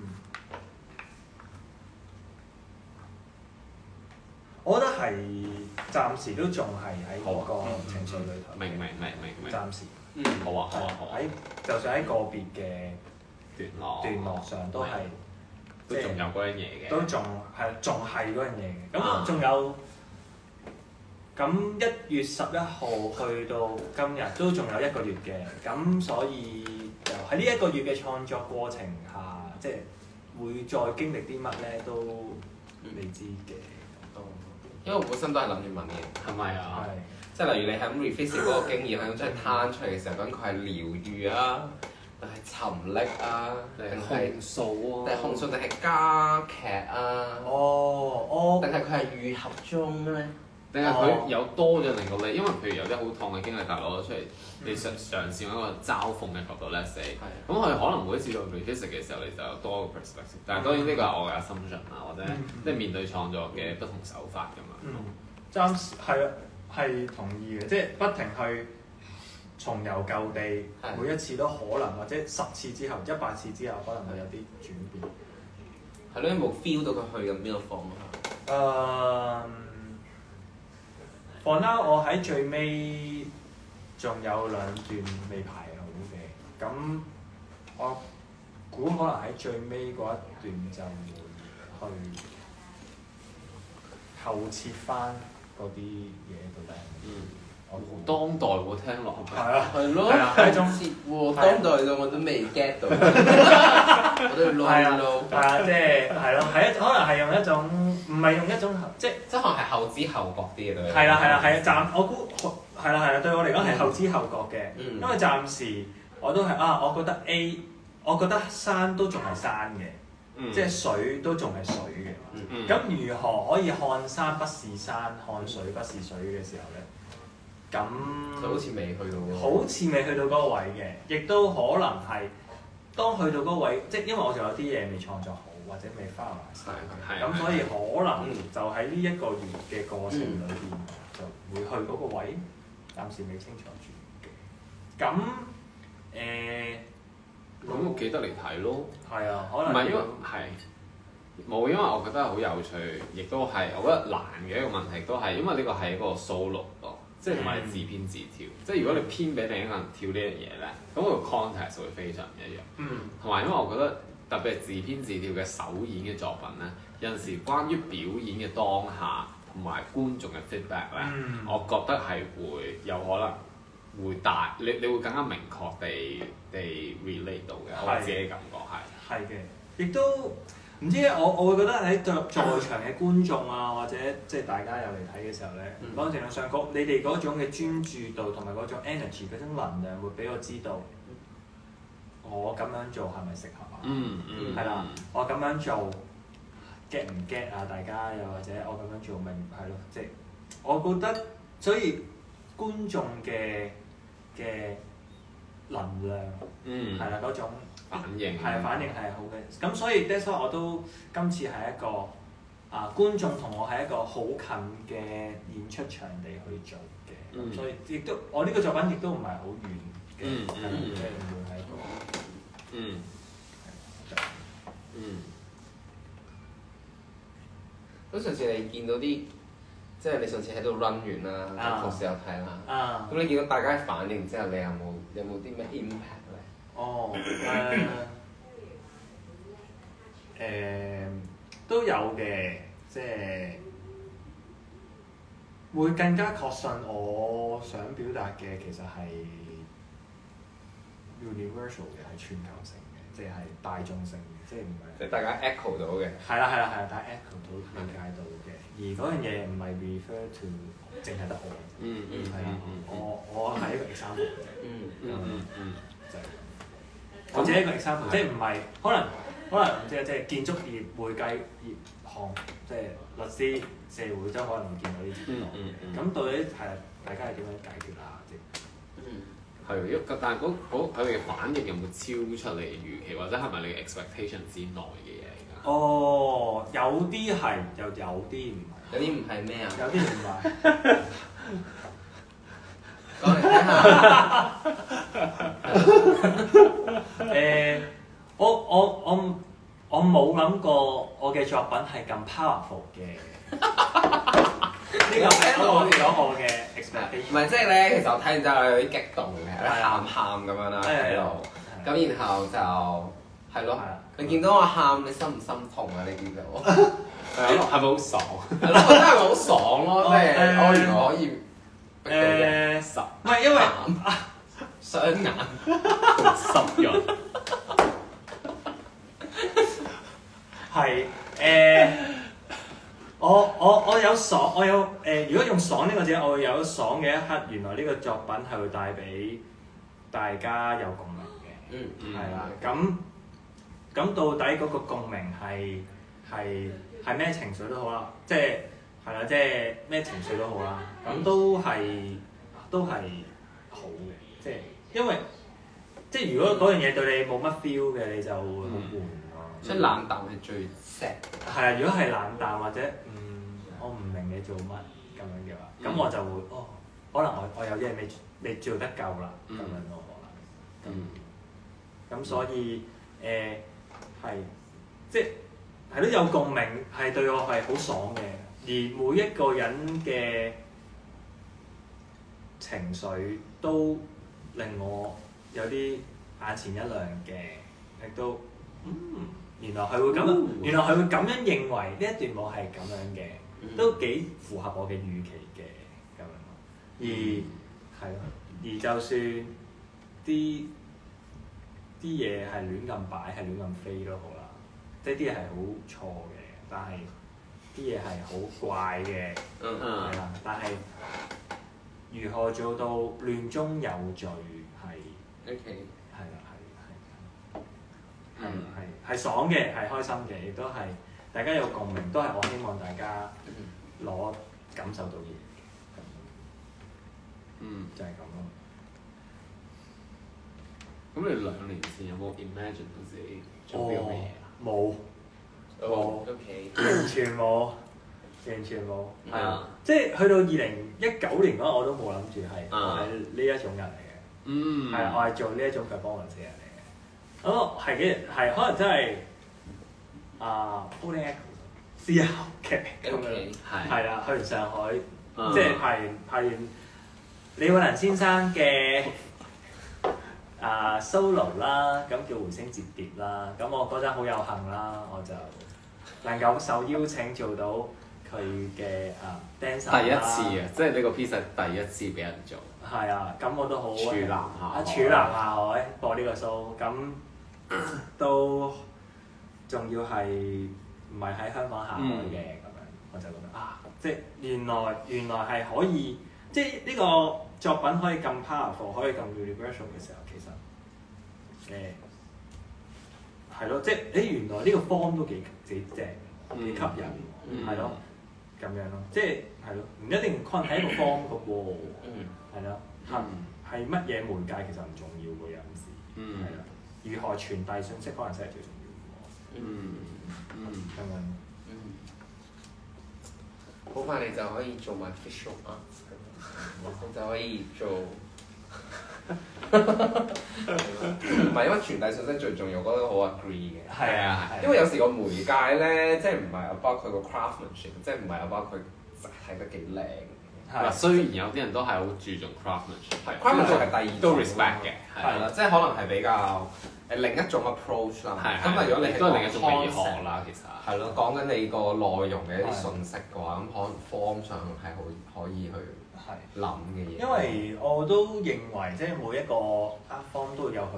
我覺得係暫時都仲係喺個情緒裏頭明。明明明明明。暫時。嗯。好啊好啊好啊。喺、啊啊、就算喺個別嘅。段落上都係，都仲有嗰樣嘢嘅，都仲係仲係嗰樣嘢嘅。咁仲有，咁一月十一號去到今日都仲有一個月嘅，咁所以喺呢一個月嘅創作過程下，即係會再經歷啲乜咧都未知嘅都。因為我本身都係諗住問你，係咪啊？即係例如你喺 refish 嗰個經驗，喺將佢攤出嚟嘅時候，等佢係療愈啊。但係沉溺啊，定係控訴啊，定係控訴，定係加劇啊，哦哦，定係佢係愈合中咧，定係佢有多咗另個呢？因為譬如有啲好痛嘅經歷，攞咗出嚟，你嘗嘗試喺一個嘲諷嘅角度咧死，咁佢可能會接到 reflex 嘅時候，你就有多個 perspective。但係當然呢個係我嘅 assumption 啦，嗯，或者即係面對創作嘅不同手法㗎嘛。暫時係啊，係、嗯嗯、同意嘅，即、就、係、是、不停去。重遊舊地，的每一次都可能，或者十次之後、一百次之後，可能佢有啲轉變。係咯，冇 feel 到佢去緊邊度放啊？誒，for now，我喺最尾仲有兩段未排好嘅，咁我估可能喺最尾嗰一段就會去後設返嗰啲嘢度。靚、嗯和當代我聽落係啊係咯，呢種和當代到我都未 get 到，我都係路路即係係咯，係啊，可能係用一種唔係用一種即係即可能係後知後覺啲嘅都係。係啦係啦係啊！暫我估係啦係啦，對我嚟講係後知後覺嘅，因為暫時我都係啊，我覺得 A，我覺得山都仲係山嘅，即係水都仲係水嘅。咁如何可以看山不是山，看水不是水嘅時候咧？咁佢那好似未去到喎，好似未去到嗰個位嘅，亦都可能係當去到嗰個位，即係因為我仲有啲嘢未創作好，或者未花埋，係係咁，所可以的可能就喺呢一個月嘅過程裏邊的就會去嗰個位，暫時未清楚住。咁誒，咁、呃、我記得嚟睇咯，係啊，可能唔係因為係冇，因為我覺得好有趣，亦都係我覺得難嘅一、這個問題，都係因為呢個係一個 Solo。即係同埋自編自跳，嗯、即係如果你編俾另一個人跳呢樣嘢咧，咁個 context 會非常唔一樣。嗯，同埋因為我覺得特別係自編自跳嘅首演嘅作品咧，有陣時關於表演嘅當下同埋觀眾嘅 feedback 咧，嗯、我覺得係會有可能會大你你會更加明確地地 relate 到嘅，的我自己嘅感覺係係嘅，亦都。唔知我我會覺得喺在在場嘅觀眾啊，或者即係大家又嚟睇嘅時候咧，唔某程度上嗰你哋嗰種嘅專注度同埋嗰種 energy 嗰種能量會俾我知道，我咁樣做係咪適合？啊嗯嗯，係啦，我咁樣做 get 唔 get 啊？大家又或者我咁樣做咪係咯？即係、就是、我覺得，所以觀眾嘅嘅能量，嗯，係啦嗰種。反應係反應係好嘅，咁所以呢，所以我都今次係一個啊、呃、觀眾同我係一個好近嘅演出場地去做嘅，咁、嗯啊、所以亦都我呢個作品亦都唔係好遠嘅，即係會喺度嗯嗯。咁上次你見到啲，即、就、係、是、你上次喺度 run 完啦，uh, 同事有睇啦，咁、uh, 你見到大家反應之後，你有冇有冇啲咩 impact？ 哦，誒、嗯，誒、嗯，都有嘅，即係會更加確信我想表達嘅其實係 universal 嘅，係全球性嘅，即係係大眾性嘅，即係唔係，即係大家 echo 到嘅。係啦係啦係啦，大家 echo 到了解到嘅，而嗰樣嘢唔係 refer to，淨係得我。嗯嗯。係啦、嗯，我我係一個第三方嘅。嗯嗯嗯嗯。就係、是。或者一個第三個，嗯、即係唔係，對可能、嗯、可能、嗯、即係即係建築業、會計業行，即係律師、社會都可能唔見到呢啲嘢。咁到底係大家係點樣解決啊？即係係，但係嗰嗰佢哋反應有冇超出你預期，或者係咪你 expectation 之內嘅嘢？哦，有啲係，又有啲唔係。有啲唔係咩啊？有啲唔係。講嚟聽下。誒，我我我我冇諗過我嘅作品係咁 powerful 嘅。呢個係我攞我嘅 expect。唔係，即係咧，其實我睇完之後有啲激動嘅，喊喊咁樣啦喺度。咁然後就係咯，你見到我喊，你心唔心痛啊？你見到係咪好爽？真係好爽咯，即係我完全可以。誒、呃、十，唔係因為雙眼濕潤，係誒、 呃、我我我有爽，我有誒、呃、如果用爽呢個字，我會有爽嘅一刻。原來呢個作品係會帶俾大家有共鳴嘅、嗯，嗯，係啦的。咁咁、嗯、到底嗰個共鳴係係係咩情緒都好啦，即、就、係、是。係啦，即係咩情緒都好啦，咁都係都係好嘅。即係因為即係如果嗰樣嘢對你冇乜 feel 嘅，你就會好悶喎。即係冷淡係最 sad。係啊，如果係冷淡或者嗯，我唔明你做乜咁樣嘅話，咁、嗯、我就會哦，可能我我有啲嘢未未做得夠啦咁、嗯、樣咯。可能咁咁、嗯嗯、所以誒係即係係都有共鳴係對我係好爽嘅。而每一個人嘅情緒都令我有啲眼前一亮嘅，亦都，嗯、原來佢會咁樣，哦、原來佢會咁樣認為呢一段舞係咁樣嘅，嗯、都幾符合我嘅預期嘅，咁樣。而係咯、嗯，而就算啲啲嘢係亂咁擺，係亂咁飛都好啦，即係啲嘢係好錯嘅，但係。啲嘢係好怪嘅，係啦、uh huh.，但係如何做到亂中有序係 OK，係啦，係係係係係爽嘅，係開心嘅，亦都係大家有共鳴，都係我希望大家攞 Okay. 感受到嘅嘢，嗯，嗯就係咁咯。咁你兩年前有冇 imagine 到自己做啲咩啊？冇。冇、oh, okay.，完全冇，完全冇，係啊！即係去到二零一九年嗰陣我都冇諗住係係呢一種人嚟嘅，係、mm. 我係做呢一種腳本文字人嚟嘅。咁、嗯、係幾？係可能真係、呃、Okay. 啊 p i 之後嘅咁樣，係係啦，去完上海，uh. 即係拍完，拍完李偉林先生嘅、呃、啊 solo 啦，咁叫《回聲摺疊》啦，咁我嗰陣好有幸啦，我就～能夠受邀請做到佢嘅啊 dancer 第一次啊，即係呢個 piece 第一次俾人做。係啊，咁我都好處男下海，處男下海、啊、播呢個 show，咁、啊、都仲要係唔係喺香港下海嘅咁樣，嗯、我就覺得啊，即係原來原來係可以，即係呢個作品可以咁 powerful，可以咁 universal 嘅時候，其實誒。啊係咯，即係誒原來呢個方都幾幾正，幾吸引，係咯咁樣咯，即係係咯，唔一定困喺一個方個喎，係咯，係係乜嘢媒介其實唔重要嘅，有時，嗯，係啦，如何傳遞信息可能先係最重要，嗯嗯，係咪？嗯，好快你就可以做埋 visual art，你就可以做。唔係，因為傳遞信息最重要，我覺得好 agree 嘅。係啊，因為有時個媒介咧，即係唔係包括個 craftsmanship，即係唔係包括睇得幾靚。係。雖然有啲人都係好注重 craftsmanship，craftsmanship 係第二都 respect 嘅。係啦，即係可能係比較誒另一種 approach 啦。係係。咁，如果你係講 concept 啦，其實係咯，講緊你個內容嘅一啲信息嘅話，咁可能 form 上係好可以去。係諗嘅嘢。因為我都認為，即係每一個一方都有佢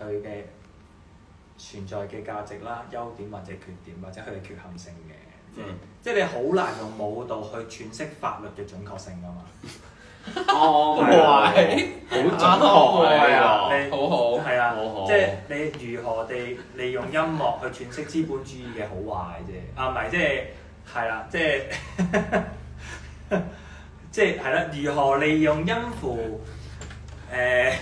佢嘅存在嘅價值啦、優點或者缺點，或者佢嘅缺陷性嘅。嗯。即係你好難用舞蹈去詮釋法律嘅準確性㗎嘛？好壞、 哦，好 你好像，準確啊、就是！好好，係啊，即係你如何地利用音樂去詮釋資本主義嘅好壞啫？啊，唔係，即係係啦，即係。即係啦，如何利用音符？誒、 欸，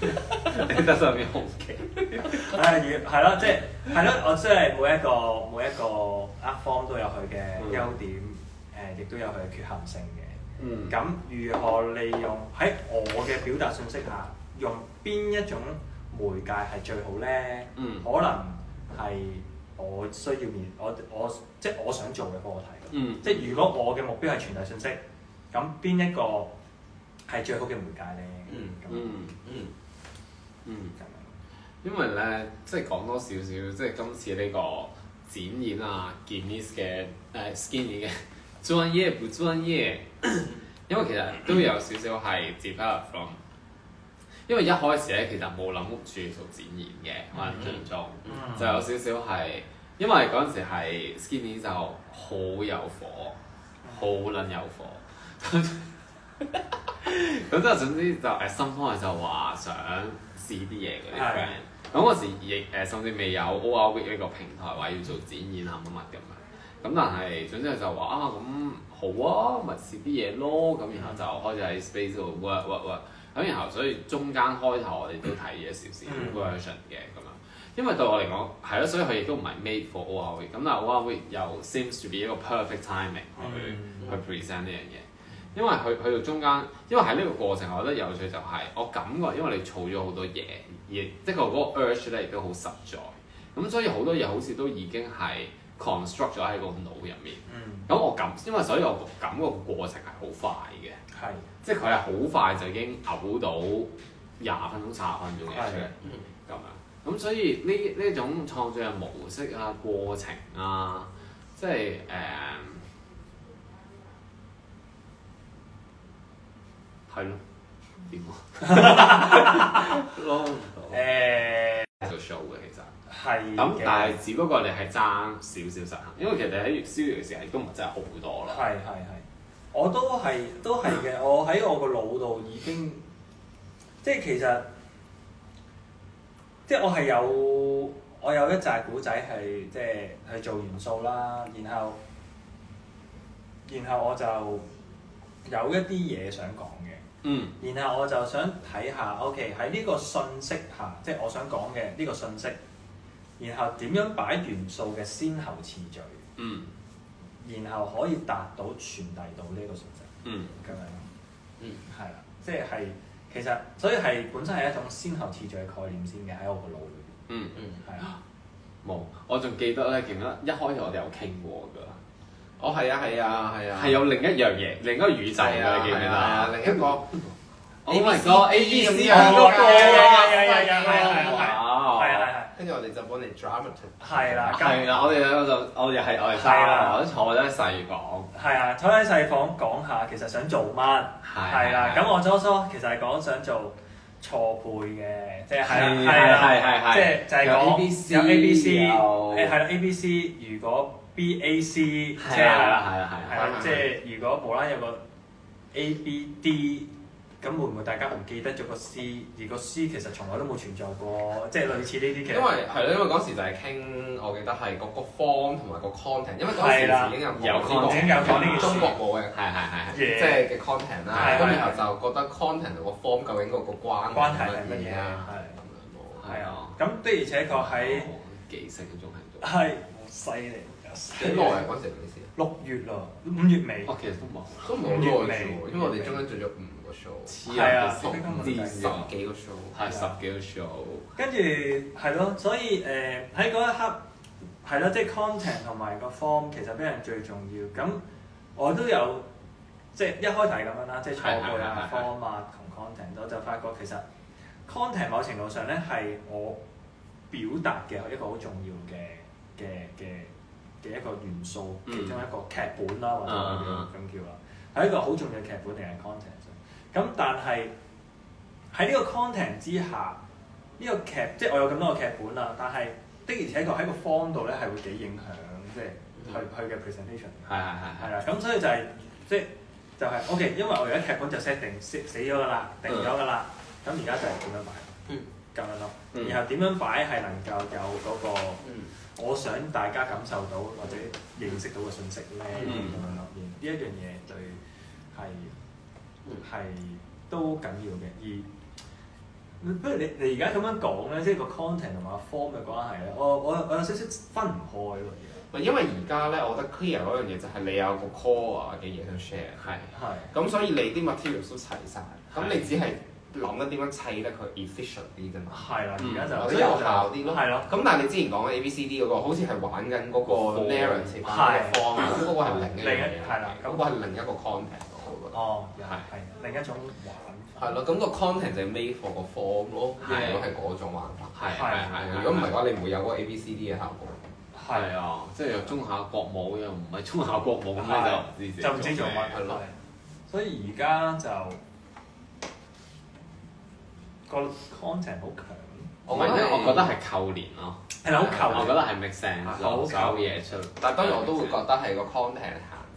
你得上面好奇，誒，如係啦，即係係啦，我即係每一個每一個 f 方都有佢嘅優點，誒、嗯呃，亦都有佢嘅缺陷性嘅。咁、嗯、如何利用喺我嘅表達信息下，用邊一種媒介係最好咧？嗯、可能係我需要面我我，我即係我想做嘅課題。嗯、即係如果我嘅目標係傳遞信息。咁邊一個係最好嘅媒介咧？嗯那嗯嗯咁，嗯因為咧即係講多少少，即、就、係、是、今次呢個展演啊，吉尼斯嘅誒 Skinny 嘅，join 耶不 join 耶？呃、 因為其實都有少少係 develop from，因為一開始咧其實冇諗住做展演嘅，嗯、可能最終、嗯、就有少少係，因為嗰陣時係 Skinny 就好有火，好撚、嗯、有火。咁即係總之就誒新方就話想試啲嘢嗰啲 friend。咁嗰、uh, 時亦誒、呃、甚至未有 OR Week 呢個平台話要做展演啊乜乜咁樣，咁但係總之就話啊咁好啊，咪試啲嘢咯，咁然後就開始喺 Space 度 work work work，咁然後所以中間開頭我哋都睇咗少少 version 嘅咁樣，因為對我嚟講係咯，所以佢亦都唔係 made for OR Week 咁但係 OR Week 又 seems to be 一個 perfect timing、uh huh. 去去 present 呢樣嘢。因為佢去到中間，因為喺呢個過程，我覺得有趣就係我感覺，因為你做咗好多嘢，而的確嗰個 urge 咧亦都好實在。咁所以好多嘢好似都已經係 construct 咗喺個腦入面。咁、嗯、我感覺，因為所以我感個過程係好快嘅。係是。即係佢係好快就已經嘔到廿分鐘、三十分鐘嘅咁樣。咁所以呢呢種創作嘅模式啊、過程啊，即係誒。呃係咯，點啊 到？咯，誒，做 show 嘅其實係咁，的但係只不過你係爭少少實行，因為其實你喺燒熱嘅時候亦都唔係真係好多啦。係係係，我都係都係嘅。我喺我個腦度已經，即係其實，即係我係有我有一紮古仔係即係去做元素啦，然後，然後我就有一啲嘢想講嘅。嗯，然後我就想睇下，OK，喺呢個信息下，即係我想講嘅呢個信息，然後點樣擺元素嘅先後次序，嗯，然後可以達到傳遞到呢個信息，嗯，咁樣，嗯，係啦，即係其實所以係本身係一種先後次序嘅概念先嘅喺我個腦裏邊，嗯嗯，係啊的，冇，我仲記得咧，記得一開始我哋有傾過㗎。哦，係啊，係啊，係啊！係有另一樣嘢，另一個魚仔啊，你記唔記得啊？另一個，哦，嗰個 A、B、C 嗰個啊，係啊，係啊，係啊，跟住我哋就幫你 drum it up。係啊，係啊，我哋我就我哋係我哋三個，坐低細房。係啊，坐低細房講下，其實想做乜？係。係啦，咁我初初其實係講想做。錯配嘅，即係係啦係啦係係，即係就係講有 A B C，誒係啦 A B C，如果 B A C，即係係啦係啦係啦，即係如果無啦有個 A B D。咁會唔會大家唔記得咗個書？而個書其實從來都冇存在過，即係類似呢啲嘅？因為係咯，因為嗰時就係傾，我記得係個個 form 同埋個 content，因為嗰時已經有講中國冇嘅，係係係，即係嘅 content 啦。咁然後就覺得 content 同個 form 究竟個關關係係乜嘢啊？係咁樣冇。係啊，咁的而且確喺幾細嘅狀態度。係好犀利，幾耐啊？嗰陣時幾時？六月啦，五月尾。哦，其實都冇，都冇耐，因為我哋中間做咗係啊，個十幾個 show，、啊、十幾個 show。跟住係咯，所以誒喺嗰一刻係咯，即係 content 同埋個 form 其實俾人最重要。咁我都有即係一開頭係咁樣啦，即係錯配啊、format 同 content，我就發覺其實 content 對對對對某程度上咧係我表達嘅一個好重要嘅嘅嘅嘅一個元素，其中、嗯、一個劇本啦，嗯、或者咁叫啊，係、uh、一個好重要嘅劇本定係 content。咁但係喺呢個 content 之下，呢、這個劇即係、就是、我有咁多個劇本啦，但係的而且確喺個方度咧係會幾影響，即、就、係、是、佢佢嘅 presentation、mm. 的。係係係。係啦的，咁、嗯、所以就係即係就係、是、O.K.，因為我而家劇本就 set 定 set 死咗㗎啦，定咗㗎啦。咁而家就係點樣擺？嗯。咁樣咯。然後點樣擺係能夠有嗰個？我想大家感受到或者認識到嘅信息咧？嗯。咁樣咯。而呢一樣嘢對係。係都緊要嘅，而不如你你而家咁樣講咧，即係個 content 同埋 form 嘅關係咧，我我我有少少分唔開喎。因為而家咧，我覺得 clear 嗰樣嘢就係你有個 core 嘅嘢去 share。係。係。咁所以你啲 materials 都齊晒，咁你只係諗緊點樣砌得佢 efficient 啲啫嘛。係啦，而家就所以有效啲咯。係咯。咁但係你之前講 A、B、C、D 嗰個，好似係玩緊嗰個 format，嗰個係另一樣嘢。係啦，咁嗰個係另一個 content。哦，又係係，另一種玩。係咯，咁個 content 就係 make for 個 form 咯，如果係嗰種玩法。係係係。如果唔係嘅話，你唔會有嗰 A B C D 嘅效果。係啊，即係又中下國冇，又唔係中下國冇咁樣就唔知。就唔知做乜係咯。所以而家就個 content 好強。我唔覺得係扣連咯。係好扣連。我覺得係 make sense 搞嘢出。但當然我都會覺得係個 content。行文嘅行文，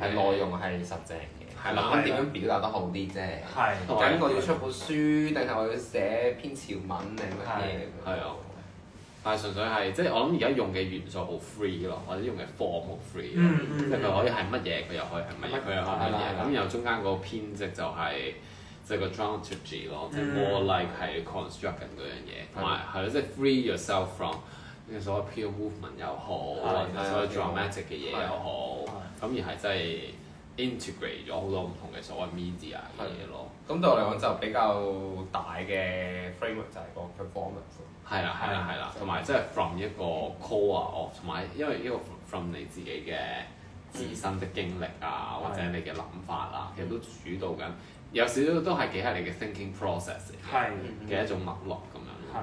係內容係實正嘅，係諗緊點樣表達得好啲啫。係究竟我要出本書，定係我要寫篇潮文定乜嘢？係啊，但係純粹係即係我諗而家用嘅元素好 free 咯，或者用嘅 form 好 free 咯，即佢可以係乜嘢，佢又可以係乜嘢，佢又可以係乜嘢。咁然後中間個編織就係即係個 strategy 咯，即係 more like 係 construct 緊嗰樣嘢，同埋係即係 free yourself from。嘅所謂 pure movement 又好，或者對所謂 dramatic 嘅嘢又好，咁對而係真係 integrate 咗好多唔同嘅所謂 media 嘅嘢對咯。咁對我嚟講就比較大嘅 framework 就係個 performance。係啦係啦係啦，同埋即係 from 一個 core of，同埋因為呢個 from 你自己嘅自身的經歷啊，嗯、或者你嘅諗法啊，對其實都主導緊，有少少都係幾係你嘅 thinking process 嘅對一種脈絡咁樣。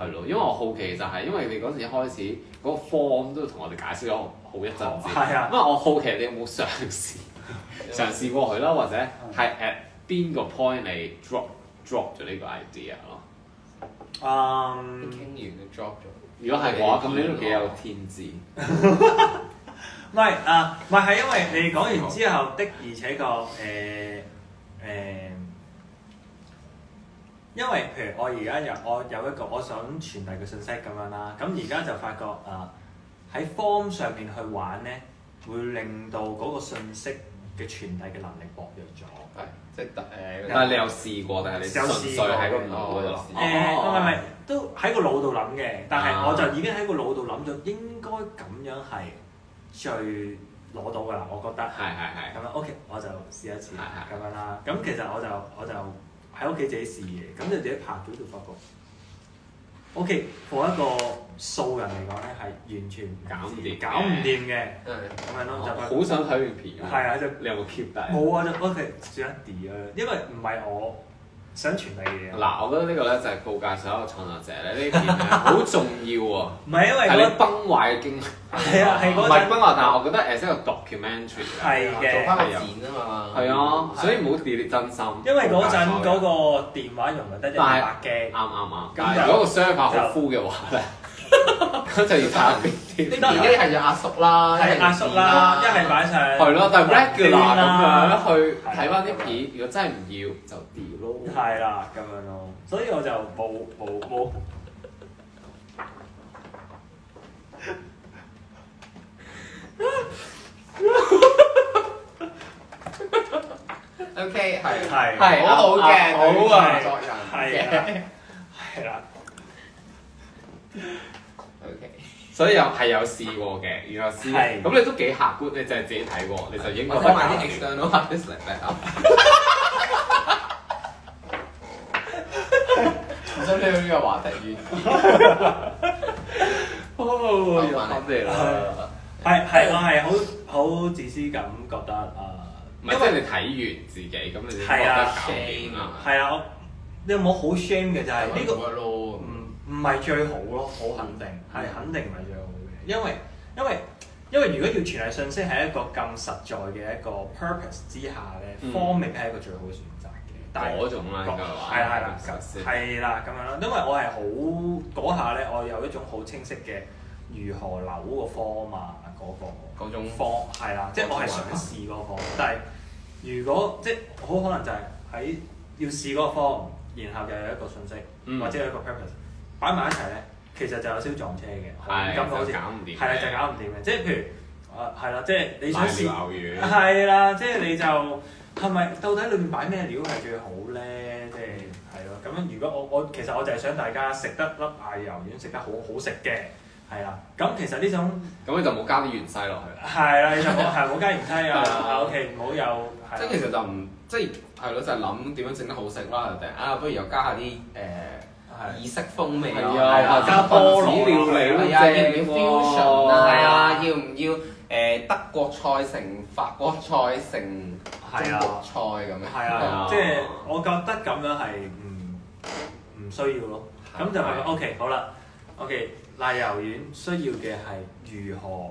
係咯，因為我好奇就係，因為你嗰時開始嗰個 form 都同我哋解釋咗好一陣子，哦，係啊，因為我好奇你有冇嘗試 嘗試過佢啦，或者係誒邊個 point 你 drop drop 咗呢個 idea 咯？嗯，傾完嘅 drop 咗。如果係嘅話，咁你都幾有天資。唔係啊，唔係係因為你講完之後的，而且個誒誒。呃呃因為譬如我而家有我有一個我想傳遞嘅信息咁樣啦，咁而家就發覺啊喺 form 上面去玩咧，會令到嗰個信息嘅傳遞嘅能力薄弱咗。係，即係誒。但係你有試過，但係你純粹喺個腦度諗。誒唔係唔係，都喺個腦度諗嘅，但係我就已經喺個腦度諗咗，應該咁樣係最攞到㗎啦，我覺得。係係係。咁樣 OK，我就試一次咁樣啦。咁其實我就我就。喺屋企自己試嘅，咁就自己拍咗條發覺。O.K. 我一個素人嚟講咧，係完全搞唔掂，搞唔掂嘅，咁樣咯，哦、就係。好想睇完片。係啊，就你有冇 keep 帶？冇啊，就我哋、okay，算一啲啊，因為唔係我。想傳遞嘅嘢。嗱，我覺得呢個咧就係告誡所有創作者咧，呢啲好重要啊，唔係因為係崩壞嘅經歷。係啊，係嗰陣。唔係崩壞，但係我覺得誒，即係個 documentary。係嘅。做翻個展啊嘛。係啊，所以冇 delete 真心。因為嗰陣嗰個電話用唔得一百 G。啱啱啱。但係如果個商拍好敷嘅話咧。咁就要查邊啲，一係要阿叔啦，一係阿叔啦，一係擺晒。係咯、okay, yeah, yeah, yeah, yeah. wow，但係 regular 咁樣去睇翻啲片，如果真係唔要就 drop 咯，係啦，咁樣咯，所以我就冇冇冇。OK，係係好好嘅，好啊，合作人嘅。所以又係有試過嘅，然後試咁的你都幾客觀，你就係自己睇過，的你就應該買的。買啲 external hard 唔知咩呢個話題越越？哦、oh, 放翻嚟啦，係係我係好好自私咁覺得啊，唔係、即係、你睇完自己咁、啊， 你覺得係啊，係啊，我你有冇好 shame 嘅就係呢個。唔係最好咯，好肯定，係肯定唔係最好嘅，因為因為因為如果要傳遞信息係一個咁實在嘅一個 purpose 之下咧，form 係一個最好嘅選擇嘅。嗰種啦，應該係啦，係啦，係啦，咁樣咯。因為我係好嗰下咧，我有一種好清晰嘅如何留個 form 啊嗰個嗰種 form 係啦，即係我係想試嗰個 form，但係如果即係好可能就係喺要試嗰個 form，然後又有一個信息或者有一個 purpose。擺埋一齊咧，其實就有少撞車嘅，感覺咁好似搞唔掂，係啊，就搞唔掂嘅。即係譬如，係啦、就是，即係你想試，係啦，即係你就係、是、咪到底裏面擺咩料係最好咧？即係係咯。咁樣如果我我其實我就係想大家食得粒蟹油丸食得好好食嘅，係啦。咁其實呢種咁你就冇加啲芫茜落去，係啦，你就冇係冇加芫茜啊，OK，唔好有。即係其實就唔即係咯，就係諗點樣整得好食啦？定啊，不如又加下啲誒。呃意式風味咯，係啊，加菠蘿，係啊，要唔要 fusion 啊？要唔要誒德國菜成法國菜成中國菜咁樣？係啊，即係我覺得咁樣係唔唔需要咯。咁就係 OK，好啦，OK，瀨油丸需要嘅係如何？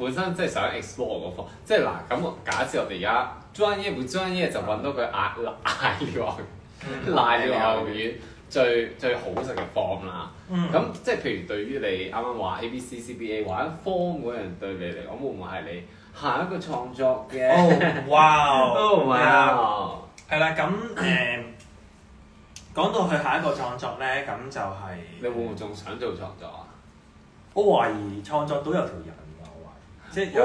本身即係想 explore 個 form 即係嗱咁假設我哋而家專一，唔專一就揾到佢挨挨落，挨落後邊最最好食嘅 form 啦。咁即係譬如對於你啱啱話 A B C C B A，玩 form 嗰樣對你嚟講會唔會係你下一個創作嘅、 哦、哇、哦，都唔係啊。係啦，咁誒講到去下一個創作咧，咁就係、是、你會唔會仲想做創作啊？我懷疑創作都有條人。即係，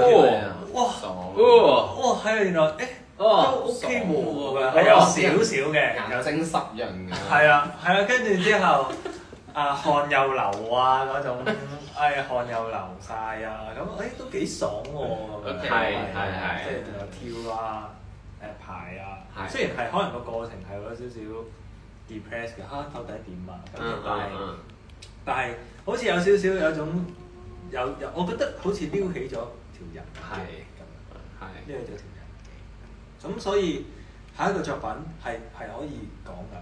哇！哇！哇！係啊，原來，誒，都 OK 喎，咁樣，有少少嘅，眼睛濕潤嘅。係啊，係啊，跟住之後，啊，汗又流啊，嗰種，誒，汗又流晒啊，咁，誒，都幾爽喎咁樣。係係係。即係仲有跳啊，誒，排啊，雖然係可能個過程係有少少 depressed 嘅，吓，到底點啊，但係，但係，好似有少少有一種。有有，我覺得好似撩起咗條人嘅咁，撩起咗條人，咁所以下一個作品係係可以講㗎。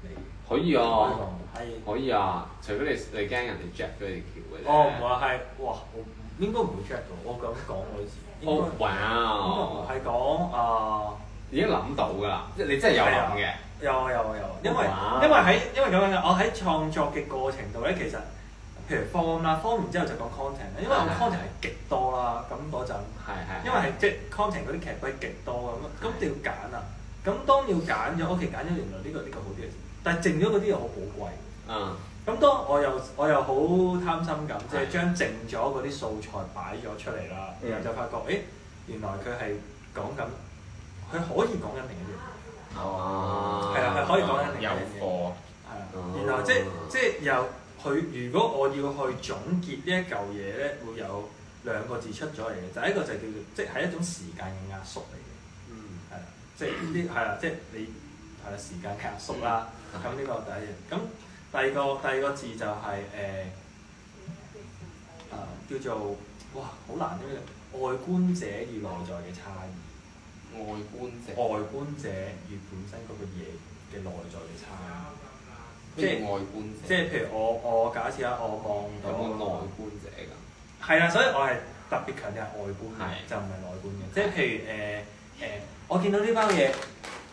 你可以可以啊，係可以啊，除非你你驚人哋 check 嗰條哦，唔係已，係哇、哦，應該唔會 check 嘅。我咁講我啲字。哦，哇！係講、呃、啊。已經諗到㗎啦，即係你真係有諗嘅。有啊有啊有啊，因為因為喺因為咁樣嘅，我喺創作嘅過程度咧，其實。譬如 form 啦，form 完之後就講 content 啦，因為我 content 係極多啦，咁嗰陣，因為係即係 content 嗰啲劇本係極多咁，咁要揀啊，咁當要揀咗，OK。其實揀咗原來呢個呢個好啲嘅，但係剩咗嗰啲又好寶貴，咁、啊、當我又我又好貪心咁，即係將剩咗嗰啲素材擺咗出嚟啦，係係然後就發覺，誒原來佢係講緊，佢可以講緊另一樣嘢，哦，係啊，係可以講緊另一樣嘢有貨，然後即即又。即佢如果我要去總結一呢一嚿嘢咧，會有兩個字出咗嚟嘅，就一個就係叫做，即、就、係、是、一種時間嘅壓縮嚟嘅。嗯，係啦，即係呢啲係啦，即係你係啊時間壓縮啦，咁呢、嗯、個第一樣。咁第二個第二個字就係、是、誒、呃、啊叫做哇好難啲嘅外觀者與內在嘅差異。外觀者。外觀者與本身嗰個嘢嘅內在嘅差異。即係外觀，即係譬如我我假設啊，我望到內觀者咁係啦，所以我係特別強調外觀嘅，就唔係內觀嘅。的即係譬如誒誒、呃呃，我見到呢包嘢，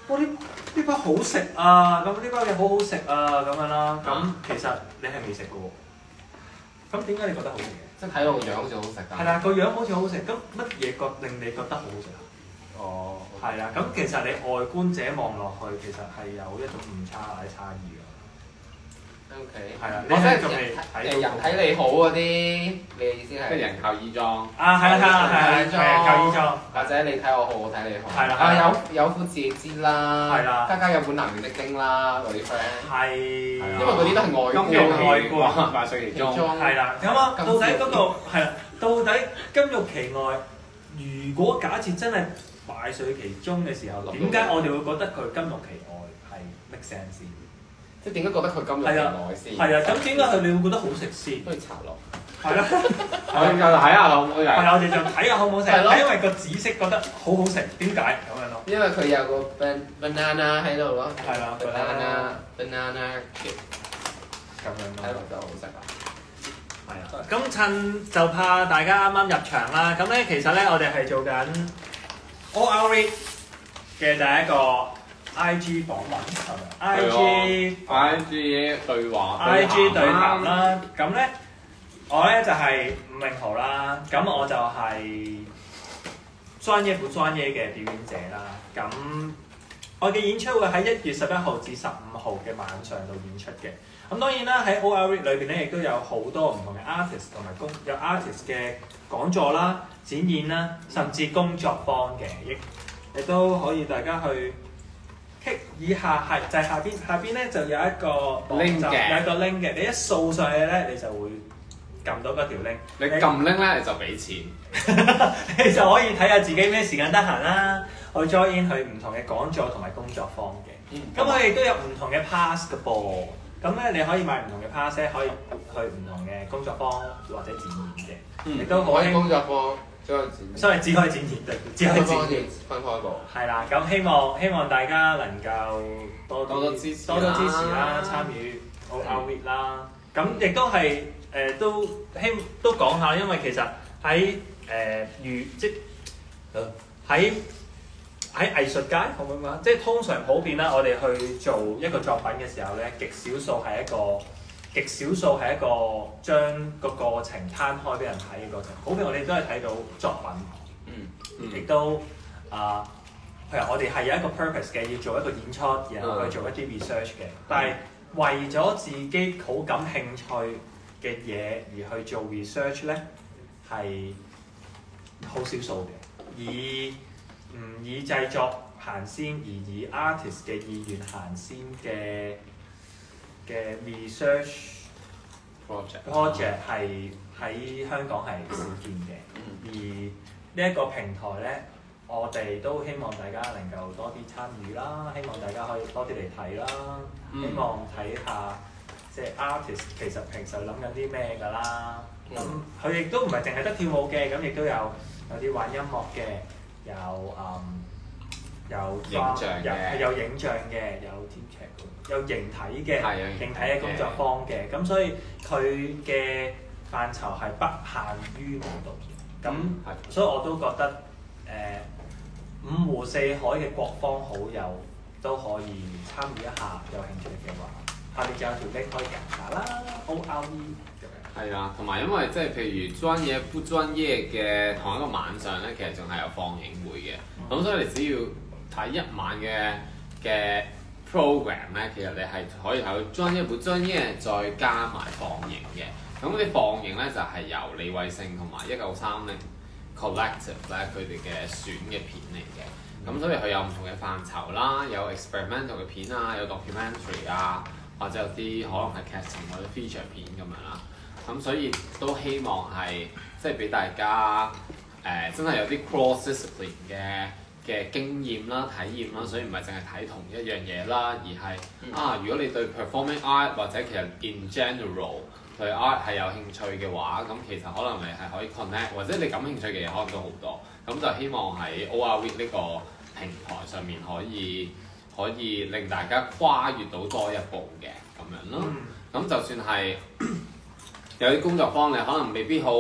哇！呢呢包好食啊，咁呢包嘢好好食啊，咁樣啦。咁其實你係未食過喎，咁點解你覺得好食嘅？即係睇落個樣好似好食，係啦，個樣好似好食。咁乜嘢覺令你覺得好好食啊？哦、嗯，係啦覺，咁其實你外觀者望落去，其實係有一種誤差或者差異。O K，係啊，我真係做人體，人睇你好嗰啲，你意思係？即係人靠衣裝。啊，係啊，係啊，係啊，靠衣裝。或者你睇我好，我睇你好。係啦。啊，有有苦自己知啦。係啦。家家有本難唸的經啦，我啲 friend。係。因為嗰啲都係外觀。金玉其外。外觀。百水其中。係啦。咁啊，到底嗰度係啦，到底金玉其外，如果假設真係百水其中嘅時候，點解我哋會覺得佢金玉其外係 make sense？即點解覺得佢咁耐先？係啊，咁點解佢你會覺得好食先？不如插落。係咯。我就睇下好係啊，我哋就睇下好唔好食。係咯。因為個紫色覺得好好食，點解咁樣咯？因為佢有個 banana 喺度咯。係啦。banana banana 咁樣睇落真係好食啊！係啊，咁趁就怕大家啱啱入場啦。咁咧，其實咧，我哋係做緊 OR Week 嘅第一個。I G 訪問，I G I G 對話，I G 對談啦。咁咧，我咧就係、是、伍詠豪啦。咁我就係專業不專業嘅表演者啦。咁我嘅演出會喺一月十一號至十五號嘅晚上度演出嘅。咁當然啦，喺 OR Week 裏邊咧，亦都有好多唔同嘅 artist 同埋工有 artist 嘅講座啦、展演啦，甚至工作坊嘅亦亦都可以大家去。以下係就係下邊，下邊咧就，link、嗯、就有一個 link 嘅，有一個 link 嘅。你一掃上去咧，你就會撳到嗰條 link。你撳 link 咧，你就俾錢。 你就可以睇下自己咩時間得閒啦，去 join 去唔同嘅講座同埋工作坊嘅。咁、嗯、我哋都有唔同嘅 pass 嘅噃。咁咧你可以買唔同嘅 pass，可以去唔同嘅工作坊或者展演嘅。亦、嗯、都可以。工作坊。所以只可以剪片，只可以剪片，分開播。係啦，咁希望希望大家能夠多多支持，多多支持啦，參與 OR Week 啦。咁亦都係誒都希都講下，因為其實喺誒如即喺喺藝術界，我唔講，即係通常普遍啦，我哋去做一個作品嘅時候咧，極少數係一個。極少數係一個將個過程攤開俾人睇嘅過程，好比我哋都係睇到作品，嗯，亦都啊，譬如，我哋係有一個 purpose 嘅，要做一個演出，然後去做一啲 research 嘅。但係為咗自己好感興趣嘅嘢而去做 research 咧，係好少數嘅。以唔以製作行先，而以 artist 嘅意願行先嘅。嘅 research project project 係喺香港係少見嘅， 而呢一個平台咧，我哋都希望大家能夠多啲參與啦，希望大家可以多啲嚟睇啦， 希望睇下即係、就是、artist 其實平時諗緊啲咩㗎啦，咁佢亦都唔係淨係得跳舞嘅，咁亦都有有啲玩音樂嘅，有誒。嗯有影像嘅，有影像嘅，有編劇，有形體嘅，形體嘅工作坊嘅，咁所以佢嘅範疇係不限於舞蹈嘅，咁所以我都覺得誒、呃、五湖四海嘅各方好友都可以參與一下，有興趣嘅話，下面就有條 link 可以揀下啦。O R E 係啊，同埋、嗯、因為即係譬如專業不專業嘅同一個晚上咧，其實仲係有放映會嘅，咁、嗯、所以你只要喺一晚嘅嘅 program 咧，其實你係可以喺 join 一步 join，跟住再加埋放映嘅。咁啲放映咧就係、是、由李慧星同埋一九三零 collective 咧佢哋嘅選嘅片嚟嘅。咁所以佢有唔同嘅範疇啦，有 experimental 嘅片啊，有 documentary 啊，或者有啲可能係劇情或者 feature 片咁樣啦。咁所以都希望係即係俾大家誒、呃、真係有啲 cross-discipline 嘅。嘅經驗啦、體驗啦，所以唔係淨係睇同一樣嘢啦，而係啊，如果你對 performing art 或者其實 in general 對 art 係有興趣嘅話，咁其實可能你係可以 connect，或者你感興趣嘅嘢可能都好多，咁就希望喺 OR Week 呢個平台上面可以可以令大家跨越到多一步嘅咁樣咯。咁就算係有啲工作坊你可能未必好。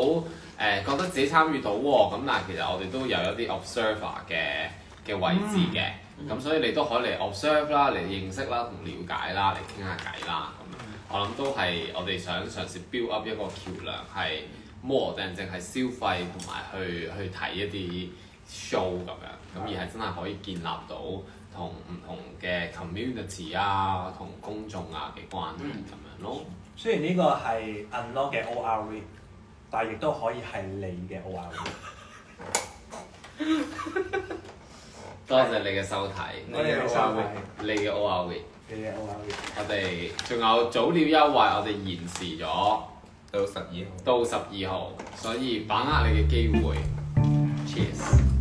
誒覺得自己參與到喎、哦，咁但係其實我哋都有一啲 observer 嘅嘅位置嘅，咁、嗯嗯、所以你都可以嚟 observe 啦，嚟認識啦，同了解啦，嚟傾下偈啦，咁我諗都係我哋想嘗試 build up 一個橋梁，係 more 定淨係消費同埋去去睇一啲 show 咁樣，咁而係真係可以建立到同唔同嘅 community 啊，同公眾啊嘅關係咁樣咯。嗯、雖然呢個係 unlock 嘅 O R V。但亦都可以係你嘅 OR Week，多謝你嘅收睇，我嘅 OR Week，你嘅 OR Week，你嘅 OR Week。我哋仲有早鳥優惠，我哋延遲咗到十二號，到十二號，所以把握你嘅機會 ，Cheers。